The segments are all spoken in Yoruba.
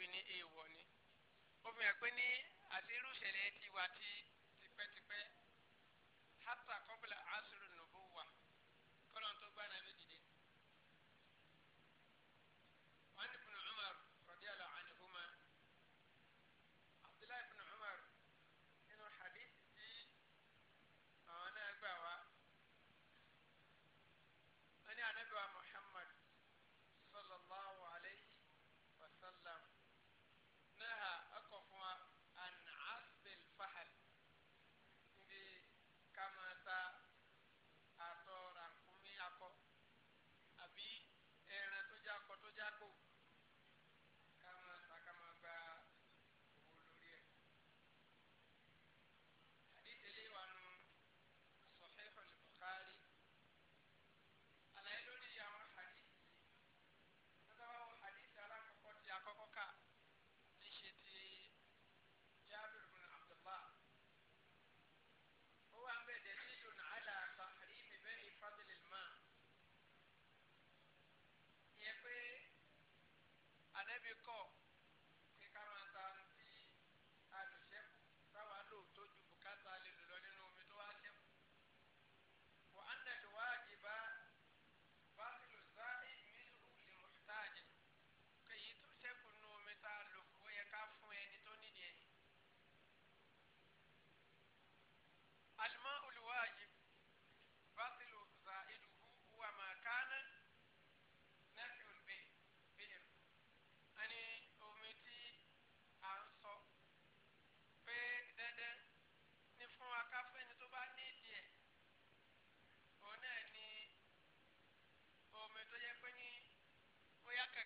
fi ní èèwọ̀ ni ó fi hàn pé ní àti irú ìṣẹ̀lẹ̀ ti ti tipẹ́tipẹ́.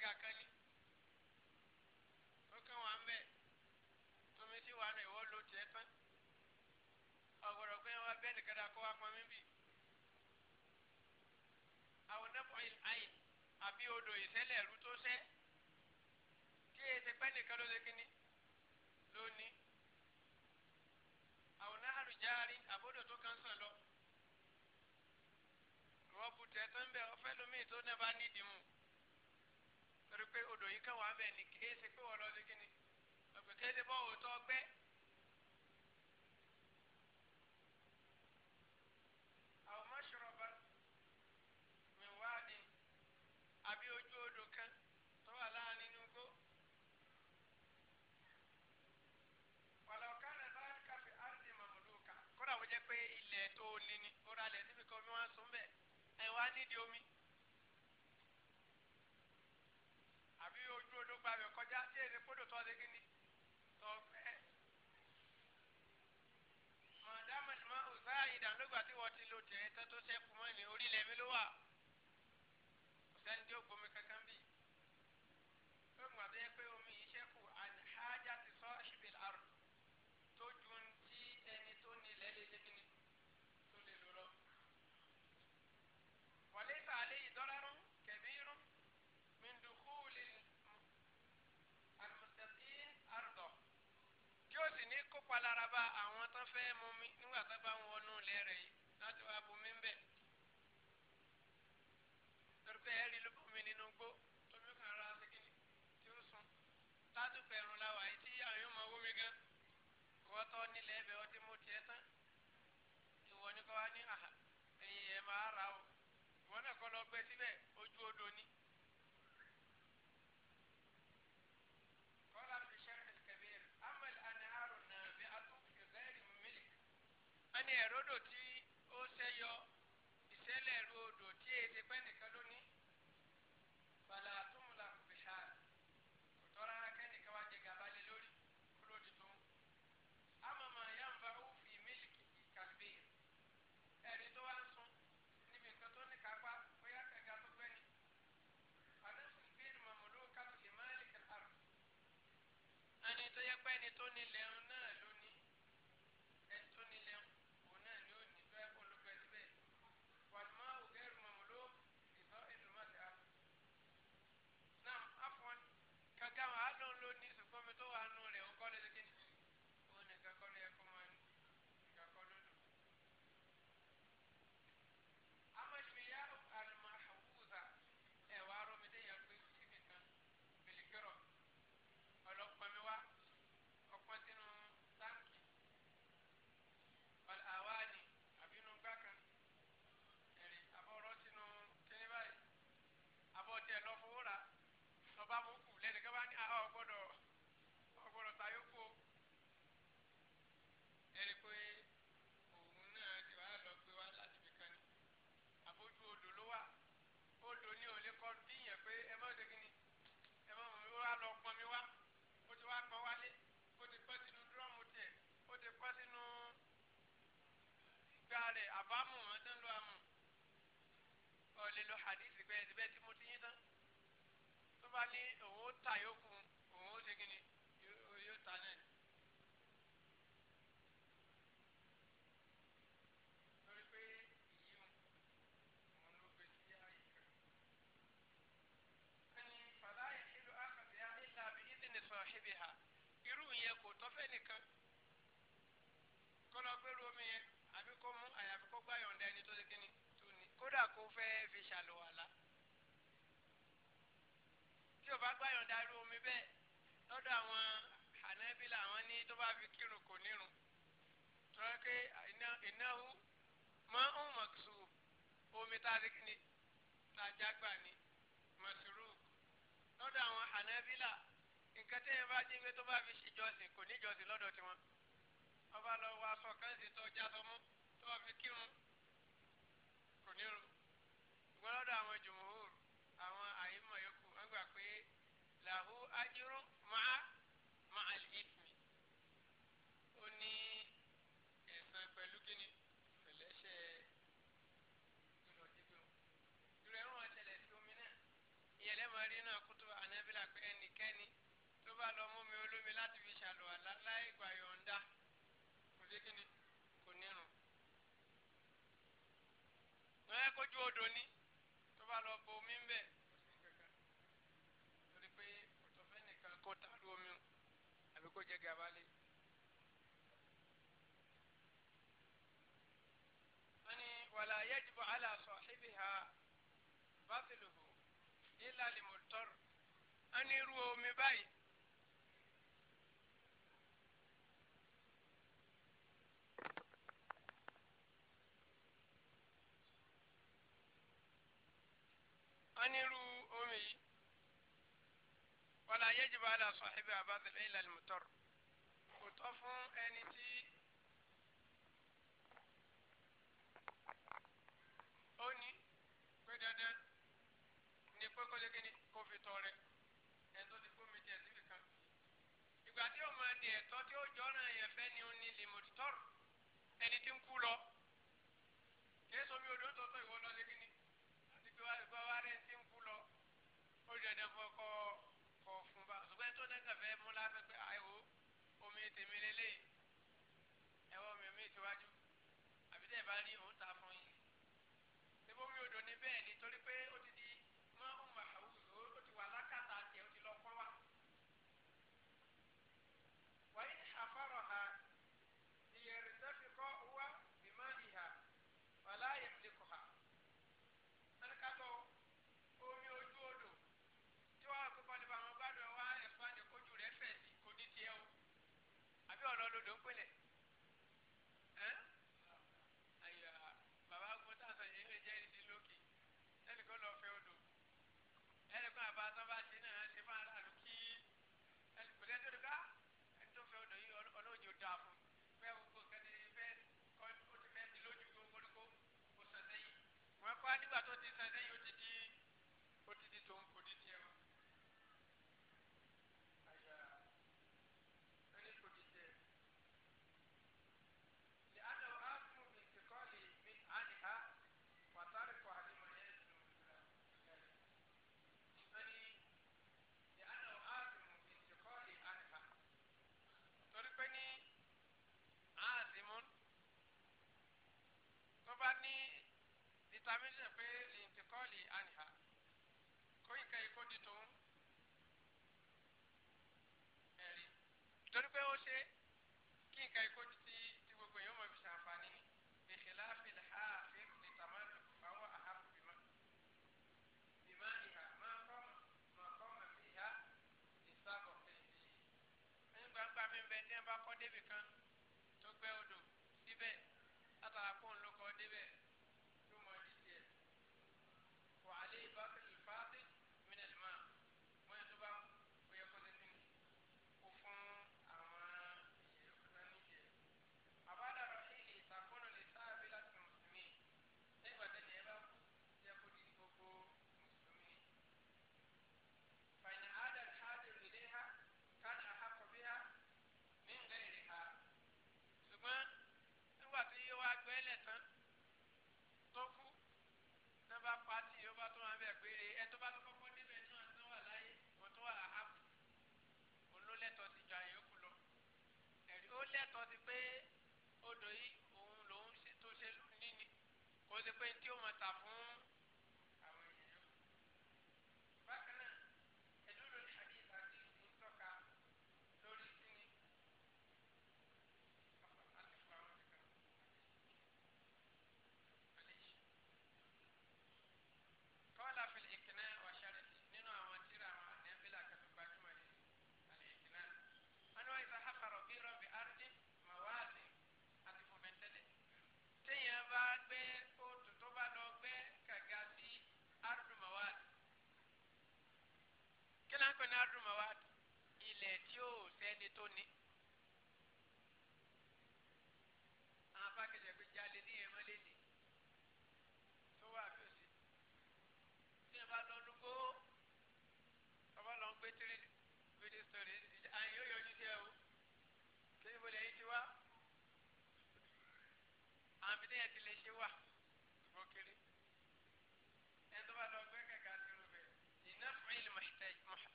àga kan lé ọkàn wà ń bẹ tómi sí wà nù ìwọ ló tiẹ̀ tán ọgbọdọ pé wọn bẹ nìkan dà kó wà pọn mí bì àwọn nẹpọ àyìn àbí odò ìṣẹ̀lẹ̀ ẹrú tó ṣẹ kí èsì pẹ nìkan ló ṣe kíní lónìí àwọn náà àrùjáàrí àbódò tó kàn sàn lọ rọ́bù tẹ̀ tán bẹ́ẹ̀ ọ̀fẹ́ lómi tó nẹ́ bá nídìí mu torí pé odò yìí kàn wá ń bẹ ní kìí ṣe pé wọ́n lọ sí kíni ọ̀pẹ̀ kìí ṣe bọ́ọ̀ tó gbẹ́. àwọn mọ́ṣọ́rọ̀bà mìwádìí àbí ojú odò kan tó wà láàrin inú igbó. ọ̀làọ̀ká rẹ̀ bá káfí áàdì màmúlùkà kódà wọ́n jẹ́ pé ilẹ̀ tó lé ní ó ralẹ̀ síbi kan omi wá sún bẹ́ẹ̀ ẹ̀ wá nídìí omi. wà ọ̀sẹ́ni tí ó gbomi kankan bì ó ń gbàdúrà pé omi yìí ṣẹ́kù ti sọ ṣìbìlì àrùn tó ju ti ẹni tó ní ilẹ̀ lé lébìnrin tó lè lò lọ. wọlé sàlẹ̀ ìdọ́rẹ́rún kẹ̀mírún mindukuli alimusafin àrùdọ̀ kí ó sì ní kópa laraba àwọn tó fẹ́ mú mi nígbà tó bá ń wọnú ilẹ̀ yìí láti wá bomi ń bẹ̀ fẹ́ rí ló bómi nínú gbó tómi ó kàn ra sikini tí ó sùn látùpẹ̀ ẹ̀rùn làwà yìí tí àwọn yóò máa wó mi gan ìwọ́ tọ́ nílẹ̀ ẹ̀bẹ̀ ọtí mo tiẹ̀ tán ìwọ ni kọ́ wá ní àhà ẹ̀yìn ẹ̀ máa ra o ìwọ náà kọ́ lọ gbẹ síbẹ̀ ojú odò ni. ẹni ẹ̀rọ́dọ̀ tí ẹni tó nílẹ̀ náà. hadithi pé ẹ̀sìn bẹ́ẹ̀ tí mo ti yín tán tó bá ní òun ó yókù bá gbàyàn darí omi bẹ́ẹ̀ lọ́dọ̀ àwọn ànábìlà àwọn ní tó bá fi kírun kò nírun tọ́lá pé ìnáwó mọ́ ń mọ̀kìsù omi tá a ti kí ni tá a jágbà ni mọ̀sùrù lọ́dọ̀ àwọn ànábìlà nǹkan tẹ́yẹ bá jẹ́ pé tó bá fi ṣèjọsìn kò níjọsìn lọ́dọ̀ tiwọn ọba lọ wọ aṣọ kan sì tọ́ já sọmú tó bá fi kírun kò nírun ìgbọ́n àwọn jùmọ̀ ó له أجر مع bátìlùhù ilà lèmọtọrọ wọn ní irú omi báyìí. wọn ní irú omi yìí wala yajibu ala sahibi abadil ilà lèmọtọrọ kò tọ́ fún ẹni pé kó kí ni kó fi tọrẹ ẹni tó ti gbómi tiẹ̀ síbi kan. ìgbà tí ó máa di ẹ̀tọ́ tí ó jọ́ràn yẹn fẹ́ ni ó ní lèmọ̀títọ́rù ẹni tí ń kú lọ. kìí mi odò tọ́tọ́ ìwọ lọ ṣe kí ni àti pé wá rẹ̀ ń ti kú lọ ó jẹ̀dẹ̀ fọkọ̀ọ́. sàmì ṣe pé lè ń tẹkọ́ọ̀lì àníhà kó nǹkan ikó ó ṣe pé tí ó máa bedroom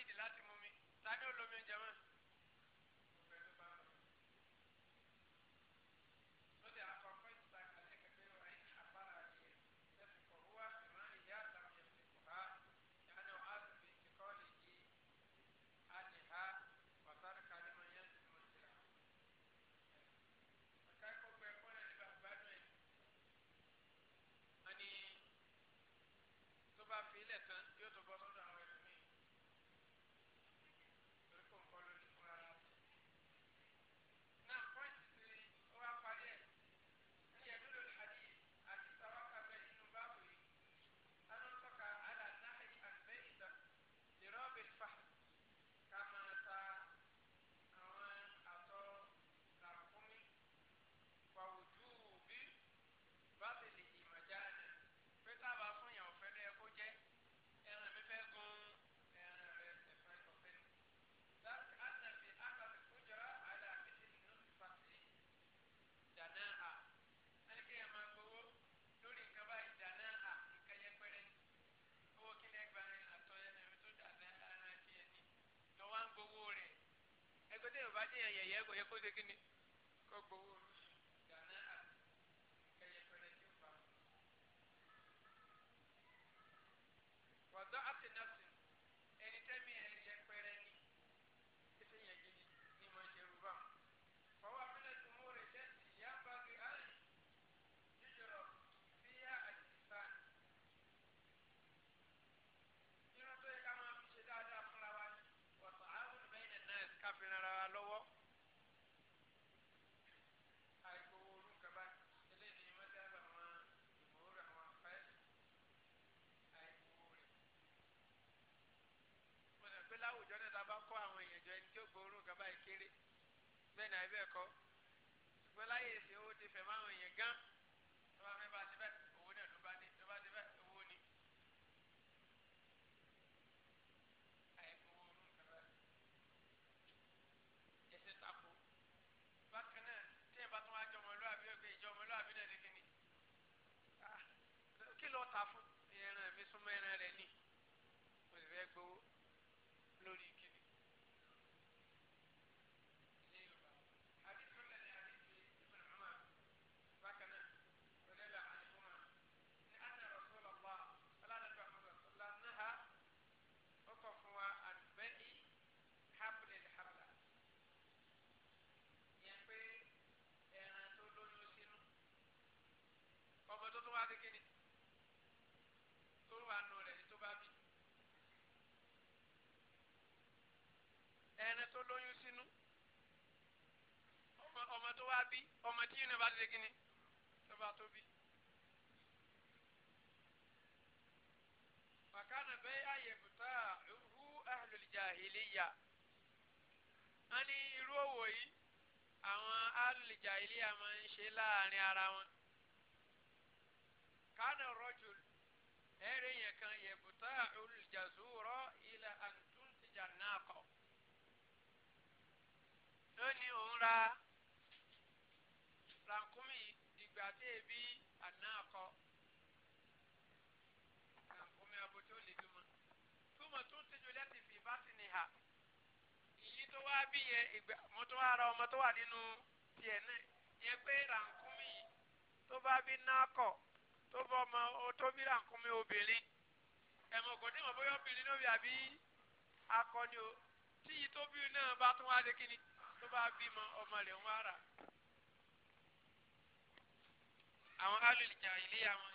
ábídì láti mú mi tàbí olómi oúnjẹ mọ́. pé ṣe kí ni bẹ́ẹ̀ ni àbí ẹ̀kọ́ ṣùgbọ́n láyé ìsìn ó ti fẹ̀ máa ń yẹn gan tó lóyún sínú ọmọ tó wá bí ọmọ tí yìnyín bá ti kí ni tó bá tó bí. bàkánà bẹ́ẹ̀ àyẹ̀bùtà hu ahlul jahiliya a ní irú òwò yìí àwọn ahlul jahiliya máa ń ṣe láàrin ara wọn. kánà rọ́jò ẹ̀rẹ̀ yẹn kan yẹ̀bùtà ahlul jazura. lónìí òun ra ràkúnmí ìgbà tí ebi àná akọ rankumi abotí ó lè dúmọ túmọ̀ tó ń tẹ́jọ láti fi bá ti nìhà ìyí tó wá bí ìgbà mo tó wá ra ọmọ tó wà nínú tiẹ̀ náà yẹ pé ràkúnmí tó bá bí náà tó bọ́ ọmọ tó bí ràkúnmí obìnrin ẹ̀mọ̀ kò ní mọ̀ bóyá obìnrin bí akọni o tí tó tó bá bímọ ọmọ rẹ̀ ń wá rà àwọn alùlùjà ilé àwọn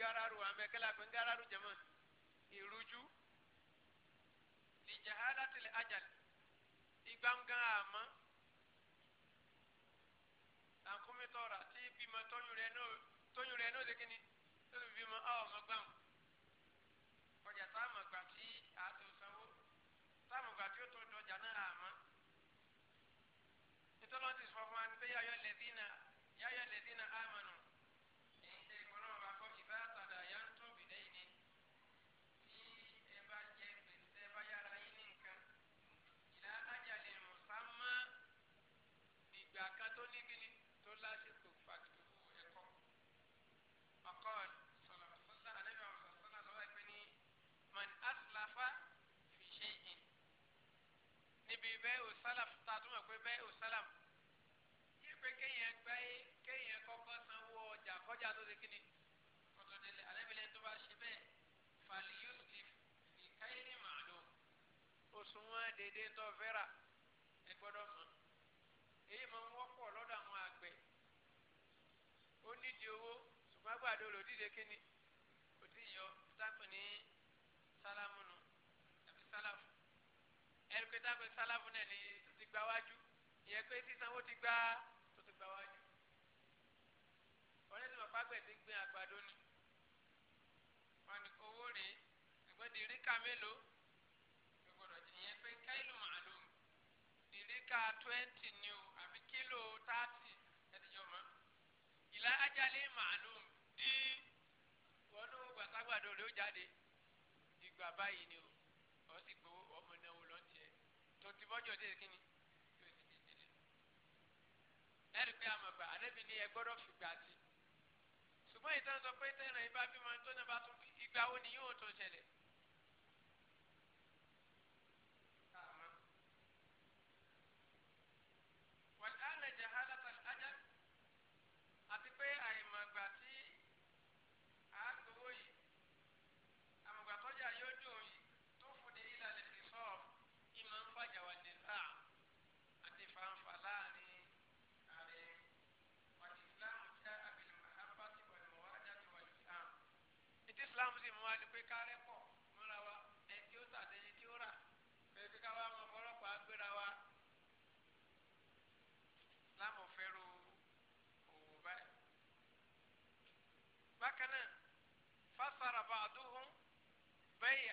gararu amẹ kẹlẹ àpẹ gararu jama ìrújú lijahalatil ajal ìgbàngàn àmọ́ àkómítọ́ra tí bímọ tọ́yún rẹ náà tọ́yún rẹ náà ṣe kí ni tó fi bímọ ọ̀ ọmọ gbàmù ọjà tá a mọ̀ gbàmù. bẹ́ẹ̀ ò sálàm tá a tún mọ̀ pé bẹ́ẹ̀ ò sálàm yẹ pé kéèyàn gbá yé kéèyàn kọ́kọ́ sanwó ọjà kọjá tó ṣe kíni kọ́tọ́ délé alẹ́bílẹ̀ tó bá ṣe bẹ́ẹ̀ fàlíyùs lè fi káyé ní màálù òṣùwọ̀n dédé tó fẹ́ra ẹ gbọ́dọ̀ mọ̀ èyí máa ń wọ́pọ̀ lọ́dọ̀ àwọn àgbẹ̀ ó nídìí owó ṣùgbọ́n àgbàdo táwọn sálàfù náà ni tó ti gba wájú ìyẹn pé sísanwó ti gba tó ti gba wájú. ọ̀rẹ́ tí bàbá àgbẹ̀ ti gbin àgbàdo ni wọn ni owó rèé ṣùgbọ́n di ríkà mélòó gbọdọ̀ jẹ ìyẹn pé káìlù màlúù di ríkà twenty ni o àbí kílò thirty ẹ̀díjọ́ mọ́ ìlà ajalè màlúù dí wọnú gbàtàgbàdo rèé ó jáde ìgbà báyìí ni o ti bọ́jọ́ dé kíni yóò ti di dídì. ẹ̀rí pé àmọ̀gbà àdẹ́bí ni ẹ gbọ́dọ̀ fìgbà sí. ṣùgbọ́n ìtàn sọ pé tẹ́ràn ibà bímọ tó náà bá tún ìgbà wo ni yóò tó ṣẹlẹ̀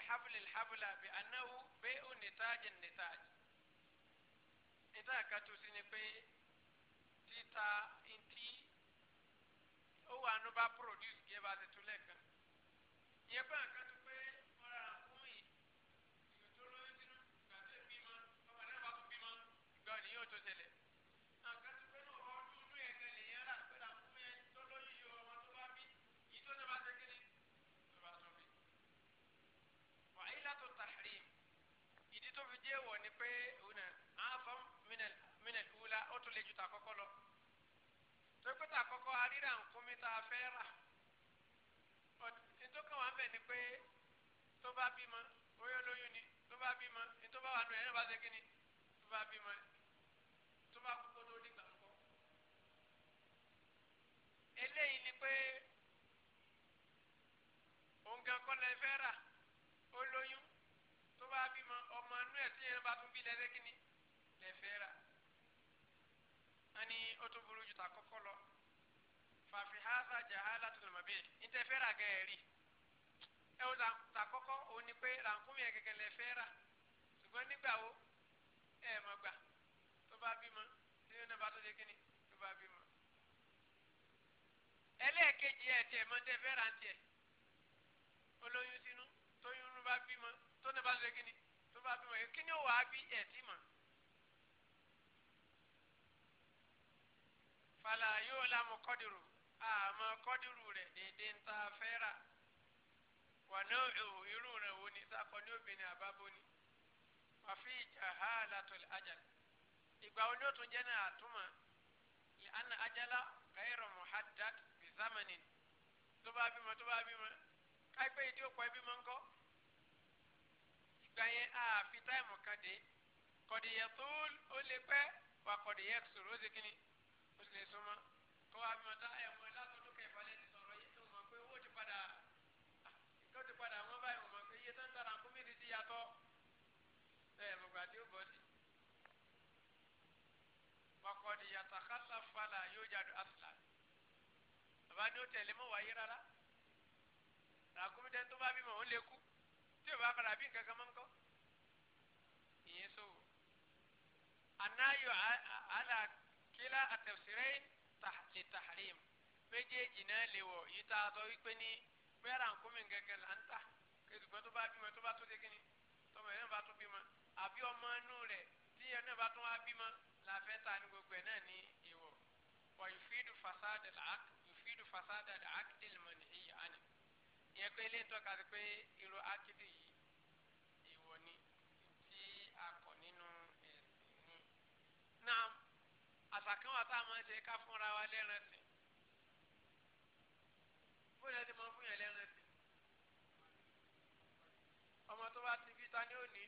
حبل الحبل بأنه بيع نتاج النتاج إذا كتوسيني بي تيتا انتي هو أنو با بروديوس جيبا تتوليكا يبقى كتو nígbà àkọ́kọ́ aríra nkúmi tá a fẹ́ rà ìtòkàn wà ń bẹ̀ ni pé tó bá bímọ oyún lóyún ni tó bá bímọ ìtò bá wà nù ẹ̀ náà bá ṣe kí ni tó bá bímọ tó bá kú kó tó dìgbà ńkọ. eléyìí ni pé òǹgàn kọ́ lẹ fẹ́ rà ó lóyún tó bá bímọ ọmọ inú ẹ̀ tí yẹn bá tún bí lẹ́sẹ̀ kí ni lẹ fẹ́ rà. a ní ó tún burú ju tàkọ́kọ́ lọ fàfi hàzà jahala tó lọ́mọ bẹ́ẹ̀ níta ẹ fẹ́ ra gẹ́gẹ́ rí ẹ wò làkọ́kọ́ òun ni pé làǹkúmí ẹ gẹ́gẹ́ lẹ fẹ́ rà ṣùgbọ́n nígbà wo ẹ mọ̀ gbà tó bá bímọ tí yóò náà bá tó ṣe kíni tó bá bímọ. ẹlẹ́ẹ̀kejì ẹ̀ tiẹ̀ mọ́ tẹ́ fẹ́ ra tiẹ̀ olóyún sínú tóyún ló bá bímọ tó náà bá tó ṣe kíni tó bá bímọ kíni ó wàá bí ẹ̀ tí mọ̀. fàlà yóò lámú kọ́dìrò àmọ́ kọ́dírù rẹ̀ déédéé ń ta fẹ́ rà wọnà ìhò irú rẹ̀ wo ni sákọ ní obìnrin àbábó ni wà fi ìjà ha látọ̀lẹ̀ ajala ìgbà wo ni ó tún jẹ́ náà àtúmọ̀ lè ana ajala gairu muhaddad bi zamanin tó bá bímọ tó bá bímọ káìpẹ́ ìdí òkú ẹbí mọ́ ń kọ́ ìgbà yẹn a fi táìmù kan dé kọ̀dìyẹ tó ó lè pẹ́ wà kọ̀dìyẹ sòrò ó ti kíni ó sì lè súnmọ́ kó wá bímọ tá bàbá ní ó tẹ̀lé mọ́ wáyé rárá ràkúnmí tẹ́ tó bá bímọ ó lè kú tí ò bá padà bí nǹkan kan mọ́ ń kọ́ ìyẹn sòwò. anáyọ àlà kílá àtẹ̀sírẹ́ lè tàhárìm méjèèjì náà lè wọ̀ yìí tá a sọ wípé ní bóyá ràkúnmí gẹ́gẹ́ là ń tà kẹsùgbọ́n tó bá bímọ tó bá tó dé kínní tọmọ yẹn náà bá tó bímọ àbí ọmọ inú rẹ̀ tí yẹn náà bá tó wá bímọ làfẹ́ ta ni gbogbo ẹ̀ náà ní ìwọ̀ wọ̀nyí fídù fasádẹ̀ làákù yufidu fasada al-aqdi al-manhi ani ìyẹn pé ilé ń tọ́ka pé irú akidi yìí ìwọ ni tí a kọ̀ nínú ẹ̀sìn ni. náà àṣàkánwà tá a máa ń ṣe ká fúnra wa lẹ́ran sìn bó lè ti máa fún yẹn lẹ́ran sìn ọmọ tó bá ti bí ta ni ó ní.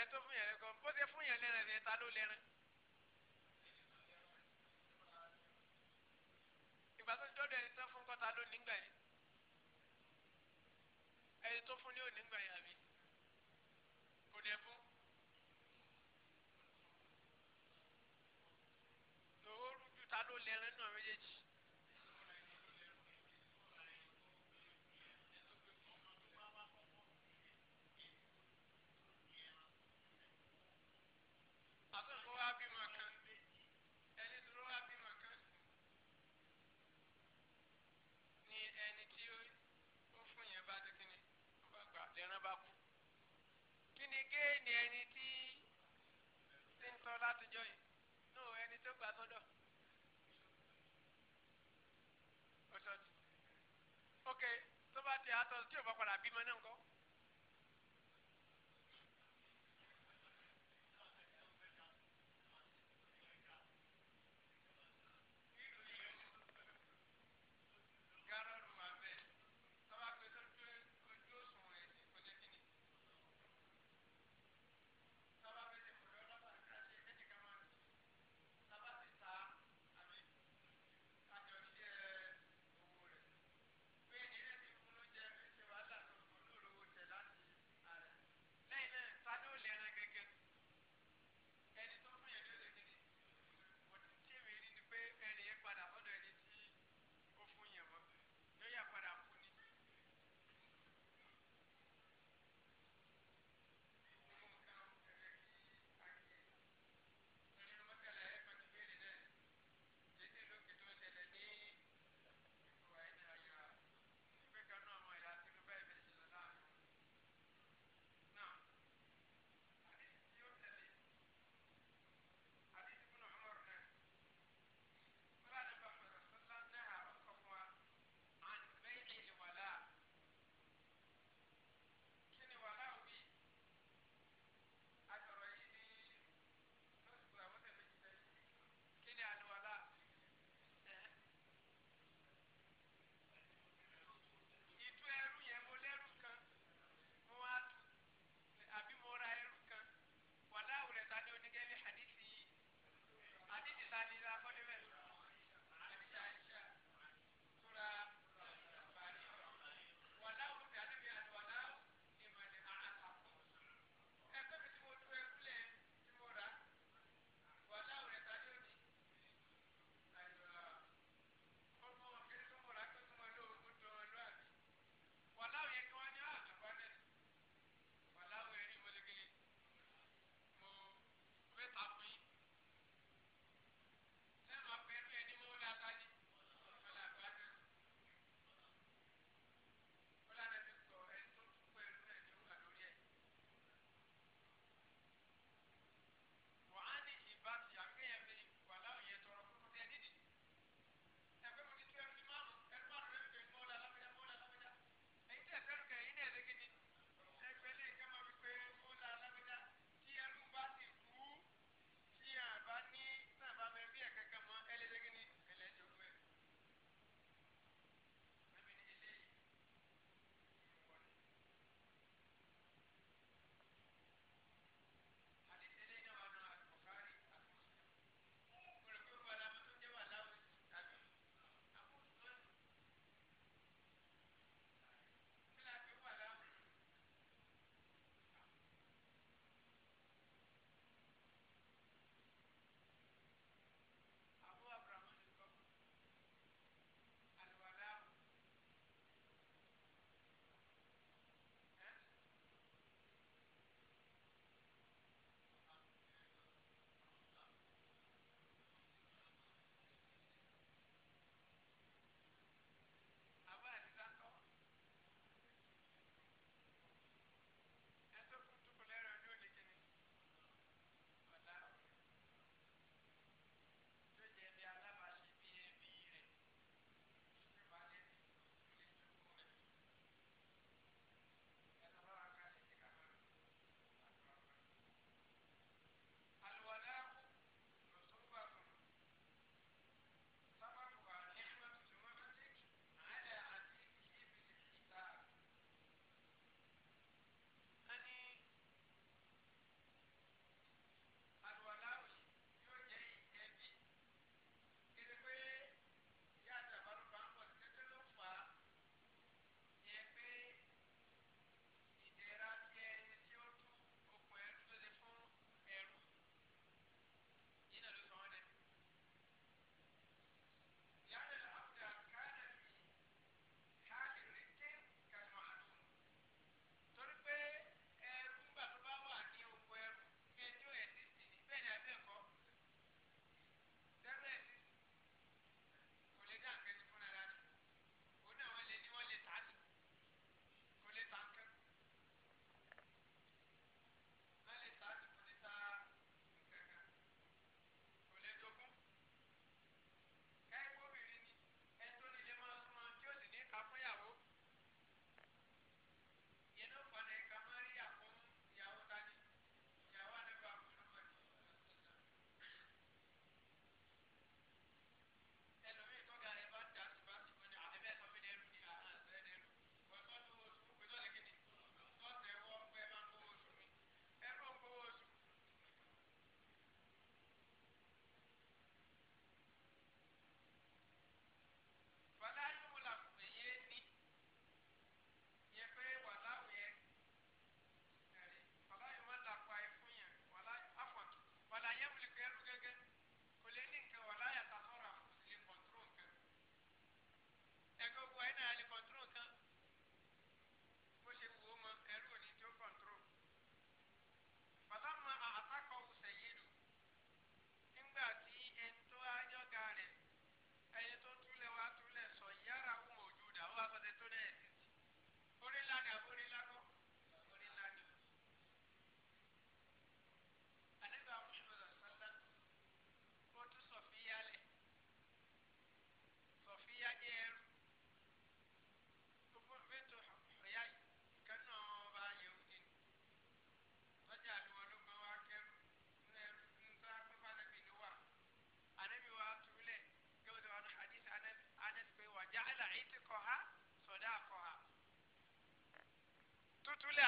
ẹ fún yẹn lẹ́kọ̀ọ́ bó ṣe fún yẹn lẹ́rìn ẹ̀ ta ló lẹ́rìn. ìgbà tó dọ́dọ̀ ẹni tó fún kọ́ta ló nígbà yẹn ẹni tó fún ní ò nígbà yẹn àbí kò ní ẹ fún. ẹni tí tí ń tọ́ látijọ́ yìí nù ẹni tó gbà sọ́dọ̀. ok tó bá ti àtọ̀ tí ò bá padà bímọ náà ń kọ́.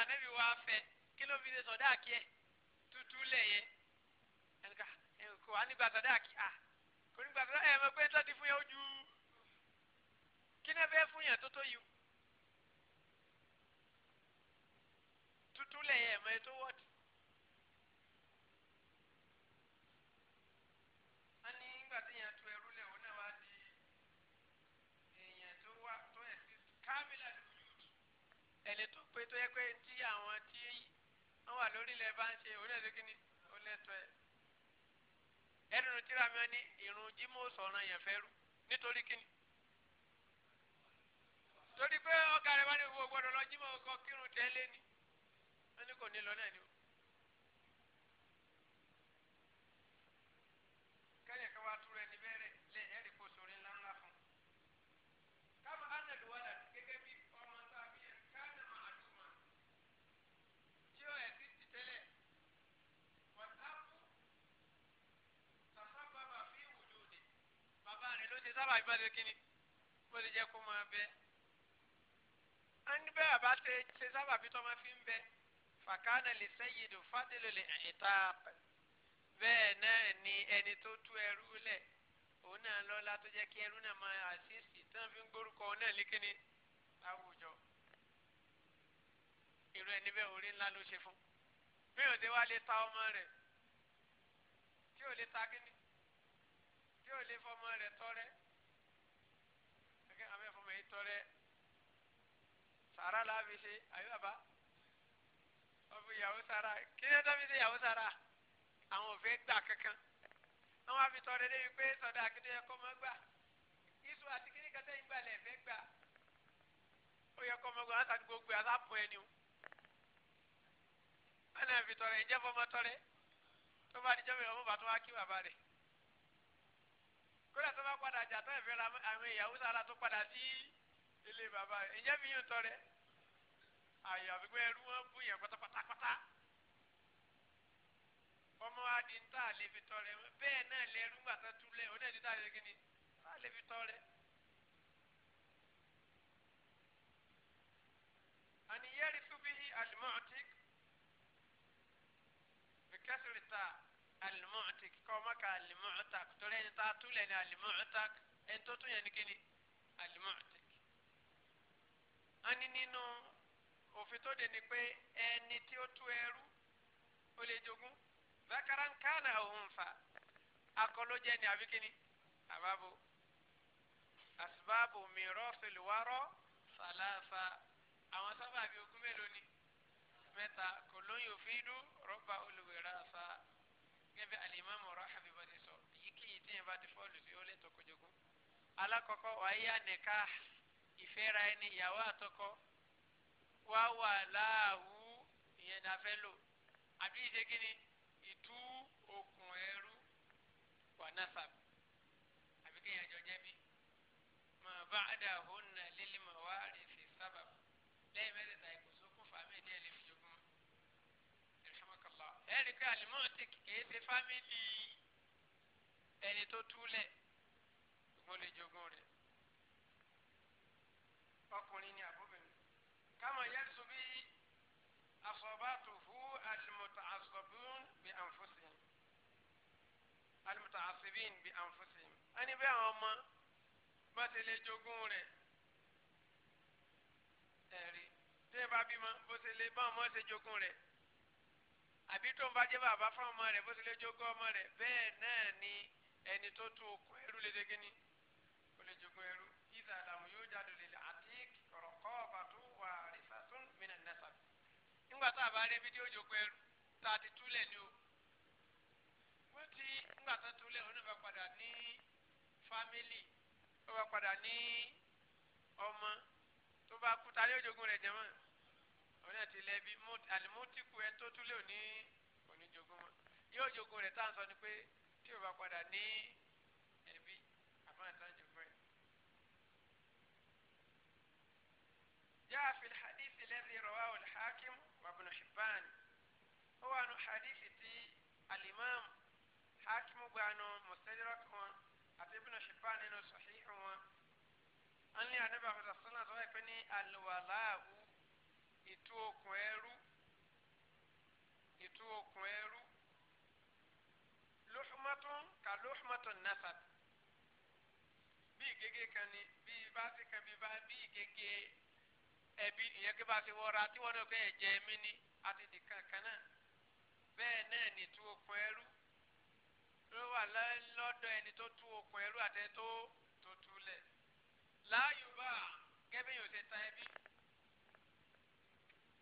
ànábì wa fẹ́ kí ló fi ṣe sọ̀dá kí ẹ tútú lẹ̀ yẹ ẹnìkà kò wá nígbà sọ̀dá kí a kò nígbà sọ̀dá ẹ̀ mọ̀ pé tó ti fún yẹn ojú kí náà fẹ́ fún yẹn tó tó yìí tútú lẹ̀ yẹ ẹ̀ lẹ bá ń ṣe òun náà lókè ní òun lẹtọ ẹ ẹnu tíra mi ní irun jimoh sọ̀rọ̀ yẹn fẹ́ rú nítorí kíni torí pé ọ̀gá rẹ̀ bá ní gbogbo ọ̀dọ̀ lọ jimoh kọ kírun tẹ́lẹ̀ ni wọ́n ní kò ní lọ náà ni o. sábà bí wọ́n ti kí ni wọ́n lè jẹ́ kó máa bẹ́ a ń bẹ́ àbá tẹ ṣe sábà bí tọ́ máa fi ń bẹ́ fàkánà lè sẹ́yìn dùn fádìlò lè ẹ̀ta bẹ́ẹ̀ náà ni ẹni tó tú ẹrú lẹ̀ òun náà lọ́la tó jẹ́ kí ẹrú náà máa àṣìṣì tán fi ń gbórúkọ òun náà lékíní láwùjọ irú ẹni bẹ́ẹ̀ orí ńlá ló ṣe fún bí òde wá lè ta ọmọ rẹ̀ tí ò lè ta kíní tí ò lè fọmọ rẹ̀ tọrẹ tọrẹ Sara La fi ṣe àyè bàbá wọn fi yàwó sàrà kí ni tó fi ṣe yàwó sàrà àwọn òfin gbà kankan àwọn àfi tọrẹ débi pé sọdá akéde ẹkọ máa gbà iṣu àti kíní kẹtẹ yìí gbalẹ ẹfẹ gbà ó yẹ kọ máa gbà láti gbogbo àti àpò ẹni o wọn náà fi tọrẹ ìjẹ fọmọ tọrẹ tó bá di jọmọ ìwọmọ bàtọ wá kí bàbá rẹ kódà tó bá padà jà tó ẹfẹ ra àwọn ìyàwó sára tó padà sí. Si ilé bàbá rẹ̀ ìyẹn mi yóò tọrẹ àyàfi pé ẹrú wọn bú yẹn pátápátápátá ọmọ adi ń lè fi tọrẹ bẹ́ẹ̀ náà lẹ́rú gbàtà túlẹ̀ ó náà ti tà lè kíni tà lè fi tọrẹ. àníyẹ́rì súbíhì àlùmọ́ọ̀tì bìkẹ́sìrìtà àlùmọ́ọ̀tì kíkọ́ ọmọ kà àlùmọ́ọ̀tà torí ẹni tá a túlẹ̀ ní àlùmọ́ọ̀tà ẹni tó tún yẹn ní kíni àlùmọ́ọ̀tì. Ani ní nínú òfin tó de ni pé ẹni tí ó tú ẹrú ó lè jogún zakara ń kánà òun fa akọlójẹ ni àbí kíni àbábo asibabu mìíràn wárọ sàlàsà àwọn sábàbí ogún mélòó ni mẹ́ta kò lóyún òfin dú rọba olùwẹrà sa gẹbẹ alimami ọrọ habibu ti sọ èyíkéyìí tí yẹn bá ti fọlù sí ó lè tó kojogun alakọkọ wàá yá nìka ìfẹ́ra ẹni ìyàwó àtọkọ wá wà láàhú ìyẹn náà fẹ́ lò àbí ìṣe kí ni ìtú okùn ẹrú wà náà sàbí àbí kéèyàn jọ jẹ́ bí mà bá àdà òun nà lílì mà wá rè fi sábà lẹ́yìn mẹ́tẹ̀ẹ̀ta ìkòsó kún fàmí ìdí ẹ̀ lè fi jogún ẹ̀rọ̀mọ́kàlá ẹ̀rí pé àlìmọ́ọ̀tì kìí ṣe fámìlì ẹni tó túlẹ̀ mo lè jogún rẹ̀ ọkùnrin ni àbóbìnrin kama yẹlisu bí asọ̀bàtò fún alimọ̀tà asọ̀bùn bí ànfọ̀sìn alimọ̀tà asọ̀bìn bí ànfọ̀sìn ẹni bí àwọn ọmọ bá tẹ̀lé jogún rẹ̀ ẹ̀rí tẹ́ bá bímọ bó tẹ̀lé bá ọmọ ṣe jogún rẹ̀ àbí tó ń bá jẹ́ bàbá fún ọmọ rẹ̀ bó tẹ̀lé jogún ọmọ rẹ̀ bẹ́ẹ̀ náà ni ẹni tó tún okùn ẹrú lédegé ni. ńgbà tá a bá rí bídíò jòkó ẹrú tá a ti túlẹ̀ ni o wọ́n ti ńgbà tó túlẹ̀ ó ní bá padà ní fámìlì ó bá padà ní ọmọ tó bá kú ta ní ojogun rẹ̀ jẹ́ mọ́ òun náà ti lẹ́bi àlùmọ́tìkù ẹ tó túlẹ̀ òní òní jogun mọ́ yóò jogun rẹ̀ tá à ń sọ ni pé tí o bá padà ní ẹbí àmọ́ àtàjù fún ẹ. yáa fi hàdí. Hibban ó wà nù ti alimam hakimu gbanu mustadrak wọn àti Ibn Hibban nínú sahih wọn an ní anabi akọta sọlá tó wáyé pé ní okun ìtú okùn ẹrú ìtú okùn ka luhmatun nasab bí gègé kan kan ìyẹn kí àti nìkan kan náà bẹ́ẹ̀ náà ní tú okùn ẹrú ló wà lọ́dọ̀ ẹni tó tú okùn ẹrú àti ẹni tó tó lẹ̀ láàyò bá gẹ́gẹ́ yóò ṣe ta ẹbí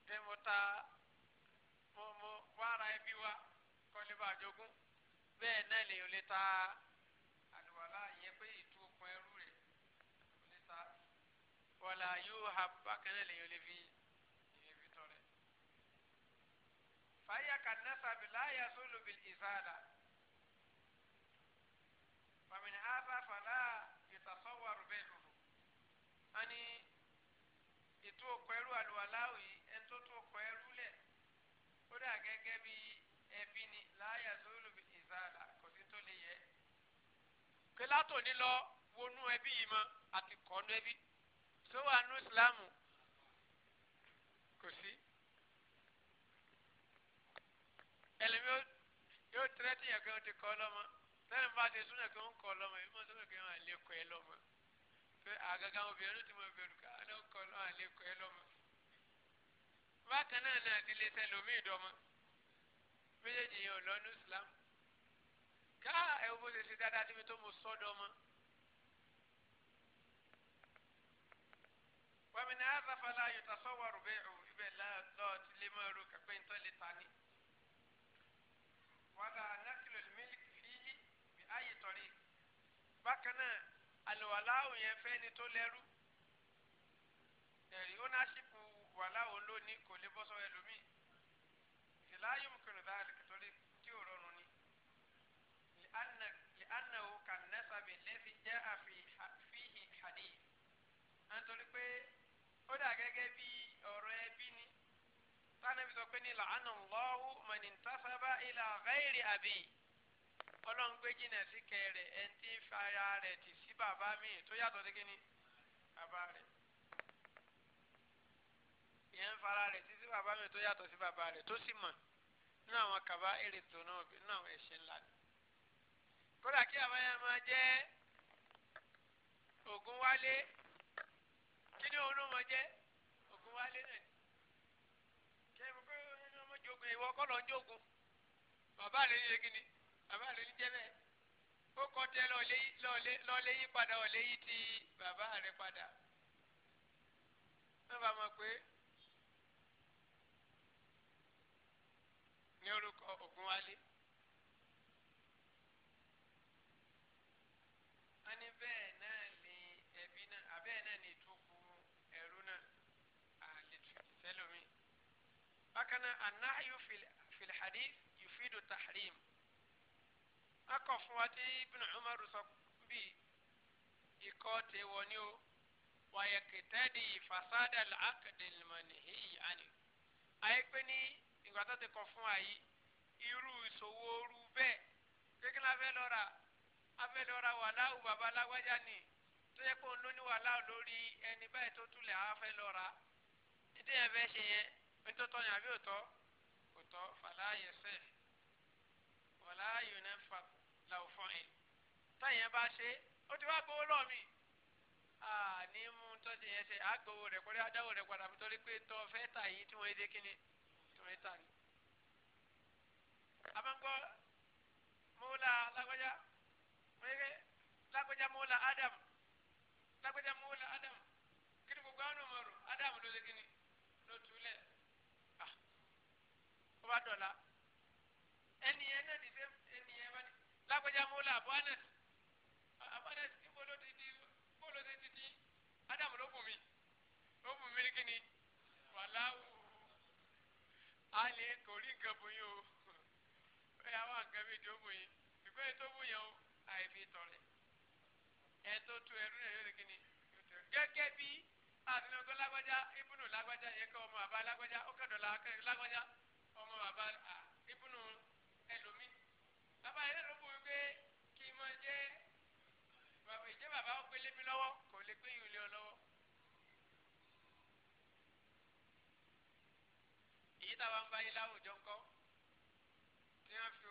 pé mo ta mo mo wá ẹbí wa kọ́ lè bá jogún bẹ́ẹ̀ náà lè yóò lè ta àlùwàlá yẹn pé ìtú okùn ẹrú rẹ̀ lè ta wàlà yóò ha bákan náà lè yóò lè fi. فهي كالنسب لا يزول بالإزالة فمن هذا فلا يتصور بيعه أني ètò ọkọ̀ ẹrú àlùwàláwì ẹni tó tó ọkọ̀ ẹrú lẹ̀ ó dà gẹ́gẹ́ bí ẹbí ni láyà tó lòbí ìzáàlà kò sí tó lè yẹ. pé látòní lọ wọnú ẹbí yìí mọ àti kọ́nú ẹbí tó wà nú ìsìlámù kò sí. ẹlẹ́mi yóò tẹ́lẹ̀ tí yẹn kí wọ́n ti kọ́ lọ́mọ tẹ́lẹ̀ bá ti súnà kí wọ́n kọ́ lọ́mọ yìí mọ̀ sọ́nà kí wọ́n àlẹ́ kọ́ ẹ lọ́mọ pé àgàgà obìnrin tí mo bẹ̀rù ká ló kọ́ lọ́mọ àlẹ́ kọ́ ẹ lọ́mọ. bákan náà náà ti lè sẹ́lómi ìdọ́mọ méjèèjì yẹn ò lọ ní Islam ká ẹ wo ṣe ṣe dáadáa síbi tó mo sọ́dọ̀ mọ́. wàmí ni àzàfàlà yòtà sọ́wọ́ rùbẹ́ẹ̀ wàlà nàkìlò mílíkì fíyí bí ayé tọ̀rí bákan náà àlùwàláwò yẹn fẹ́ ni tó lẹ́rú ẹ̀rí ọ́nàṣìpù wàláwò lónìí kò lè bọ́ sọ ẹlòmíì ìsìláyò mùkìrì dáàlì kìtọ́rí tí ò rọrùn ni lè ànàwó kàn nẹ́sàbì jẹ́ àfihàn fíhì hadith nítorí pé ó dà gẹ́gẹ́ pé ní làánà lọ́wọ́ mọ̀nìntàsábà ìlà gáìrì àbí ọlọ́run gbé jìnnà sí kẹrẹ ẹni tí ń fi ara rẹ̀ tì sí bàbá mi tó yàtọ̀ sí kíní bàbá rẹ̀ ìyẹn ń fara rẹ̀ tì sí bàbá mi tó yàtọ̀ sí bàbá rẹ̀ tó sì mọ̀ nínú àwọn kaba èrè tó náà nínú àwọn ẹ̀ṣẹ̀ ńlá ni kódà kí àbáyá máa jẹ́ Ògúnwálé kí ni òun máa jẹ́ Ògúnwálé náà ṣe ìwọ kọ́ lọ ń jókòó bàbá rẹ yé kí ni bàbá rẹ jẹ́ bẹ́ẹ̀ ó kọ́ tẹ lọ́ọ̀lẹ́ yí padà ọ̀lẹ́ yí ti bàbá rẹ padà wọ́n bá mọ̀ pé ní orúkọ Ògúnwálé. kana anahyu fil hadith yufidu tahrim akọ fún wa tí ibn umar sọ bí ikọ́ tẹ wọ ní o wàyẹ kìtẹ́dì fasada akadèlémọ̀nìhì àní ayé pé ní ìgbà tó ti kọ fún wa yìí irú ìṣòwò ooru bẹ́ẹ̀ kékeré abẹ́ lọ́ra abẹ́ lọ́ra wàláwù baba lágbájá ni tó yẹ kó ń lóní wàláwù lórí ẹni báyìí tó túlẹ̀ afẹ́ lọ́ra nítorí ẹ̀ fẹ́ ṣe yẹn nítòtọ́ yẹn àbí òtọ́ òtọ́ fàlàyé sẹ́ wàláyé ní fa làwùfọ́n ẹ̀ táyẹn bá ṣe o ti wá gbowó lọ́ọ̀ mi àní mú tọ́jú yẹn ṣe àgbowó rẹ̀ kọ́rí adáwó rẹ̀ padà nítorí pé tọ́ fẹ́ tà yìí tí wọ́n ṣe kíni tí wọ́n tà ní. àmọ́ngọ́ mọ́lá lágbájá lágbájá mọ́lá Adam lágbájá mọ́lá Adam kí ni gbogbo àwọn ọmọ rò Adam ló ṣe kíni. bá dọ̀la ẹni yẹn náà ní sẹ́mu ẹni yẹn bá ní lágbájá mọ́lá àbọ̀ anas àbọ̀ anas ní bọ́lọ́ ti di bọ́lọ́ ti di di ádámù ló bù mí ló bù mí kí ni wàláwù alẹ́ kò rí nǹkan bù yín o ẹ àwọn nǹkan bíi tó bù yín ìgbẹ́ tó bù yẹn o àìfi tọ̀lẹ̀ ẹ tó tu ẹrú rẹ̀ lórí kí ni gẹ́gẹ́ bí àtúntò lágbájá ibùdó lágbájá yẹ kọ́ ọmọ àbá lágbájá ó kẹ́dọ̀ lágbájá bàbá ibùnú ẹlòmí bàbá yẹn ló bù pé kí n máa jẹ ìjẹ́ bàbá ó gbélé mi lọ́wọ́ kò lè gbé yìí lé ọ lọ́wọ́. èyí táwa ń báyé láwùjọ ńkọ́ tí wọ́n fi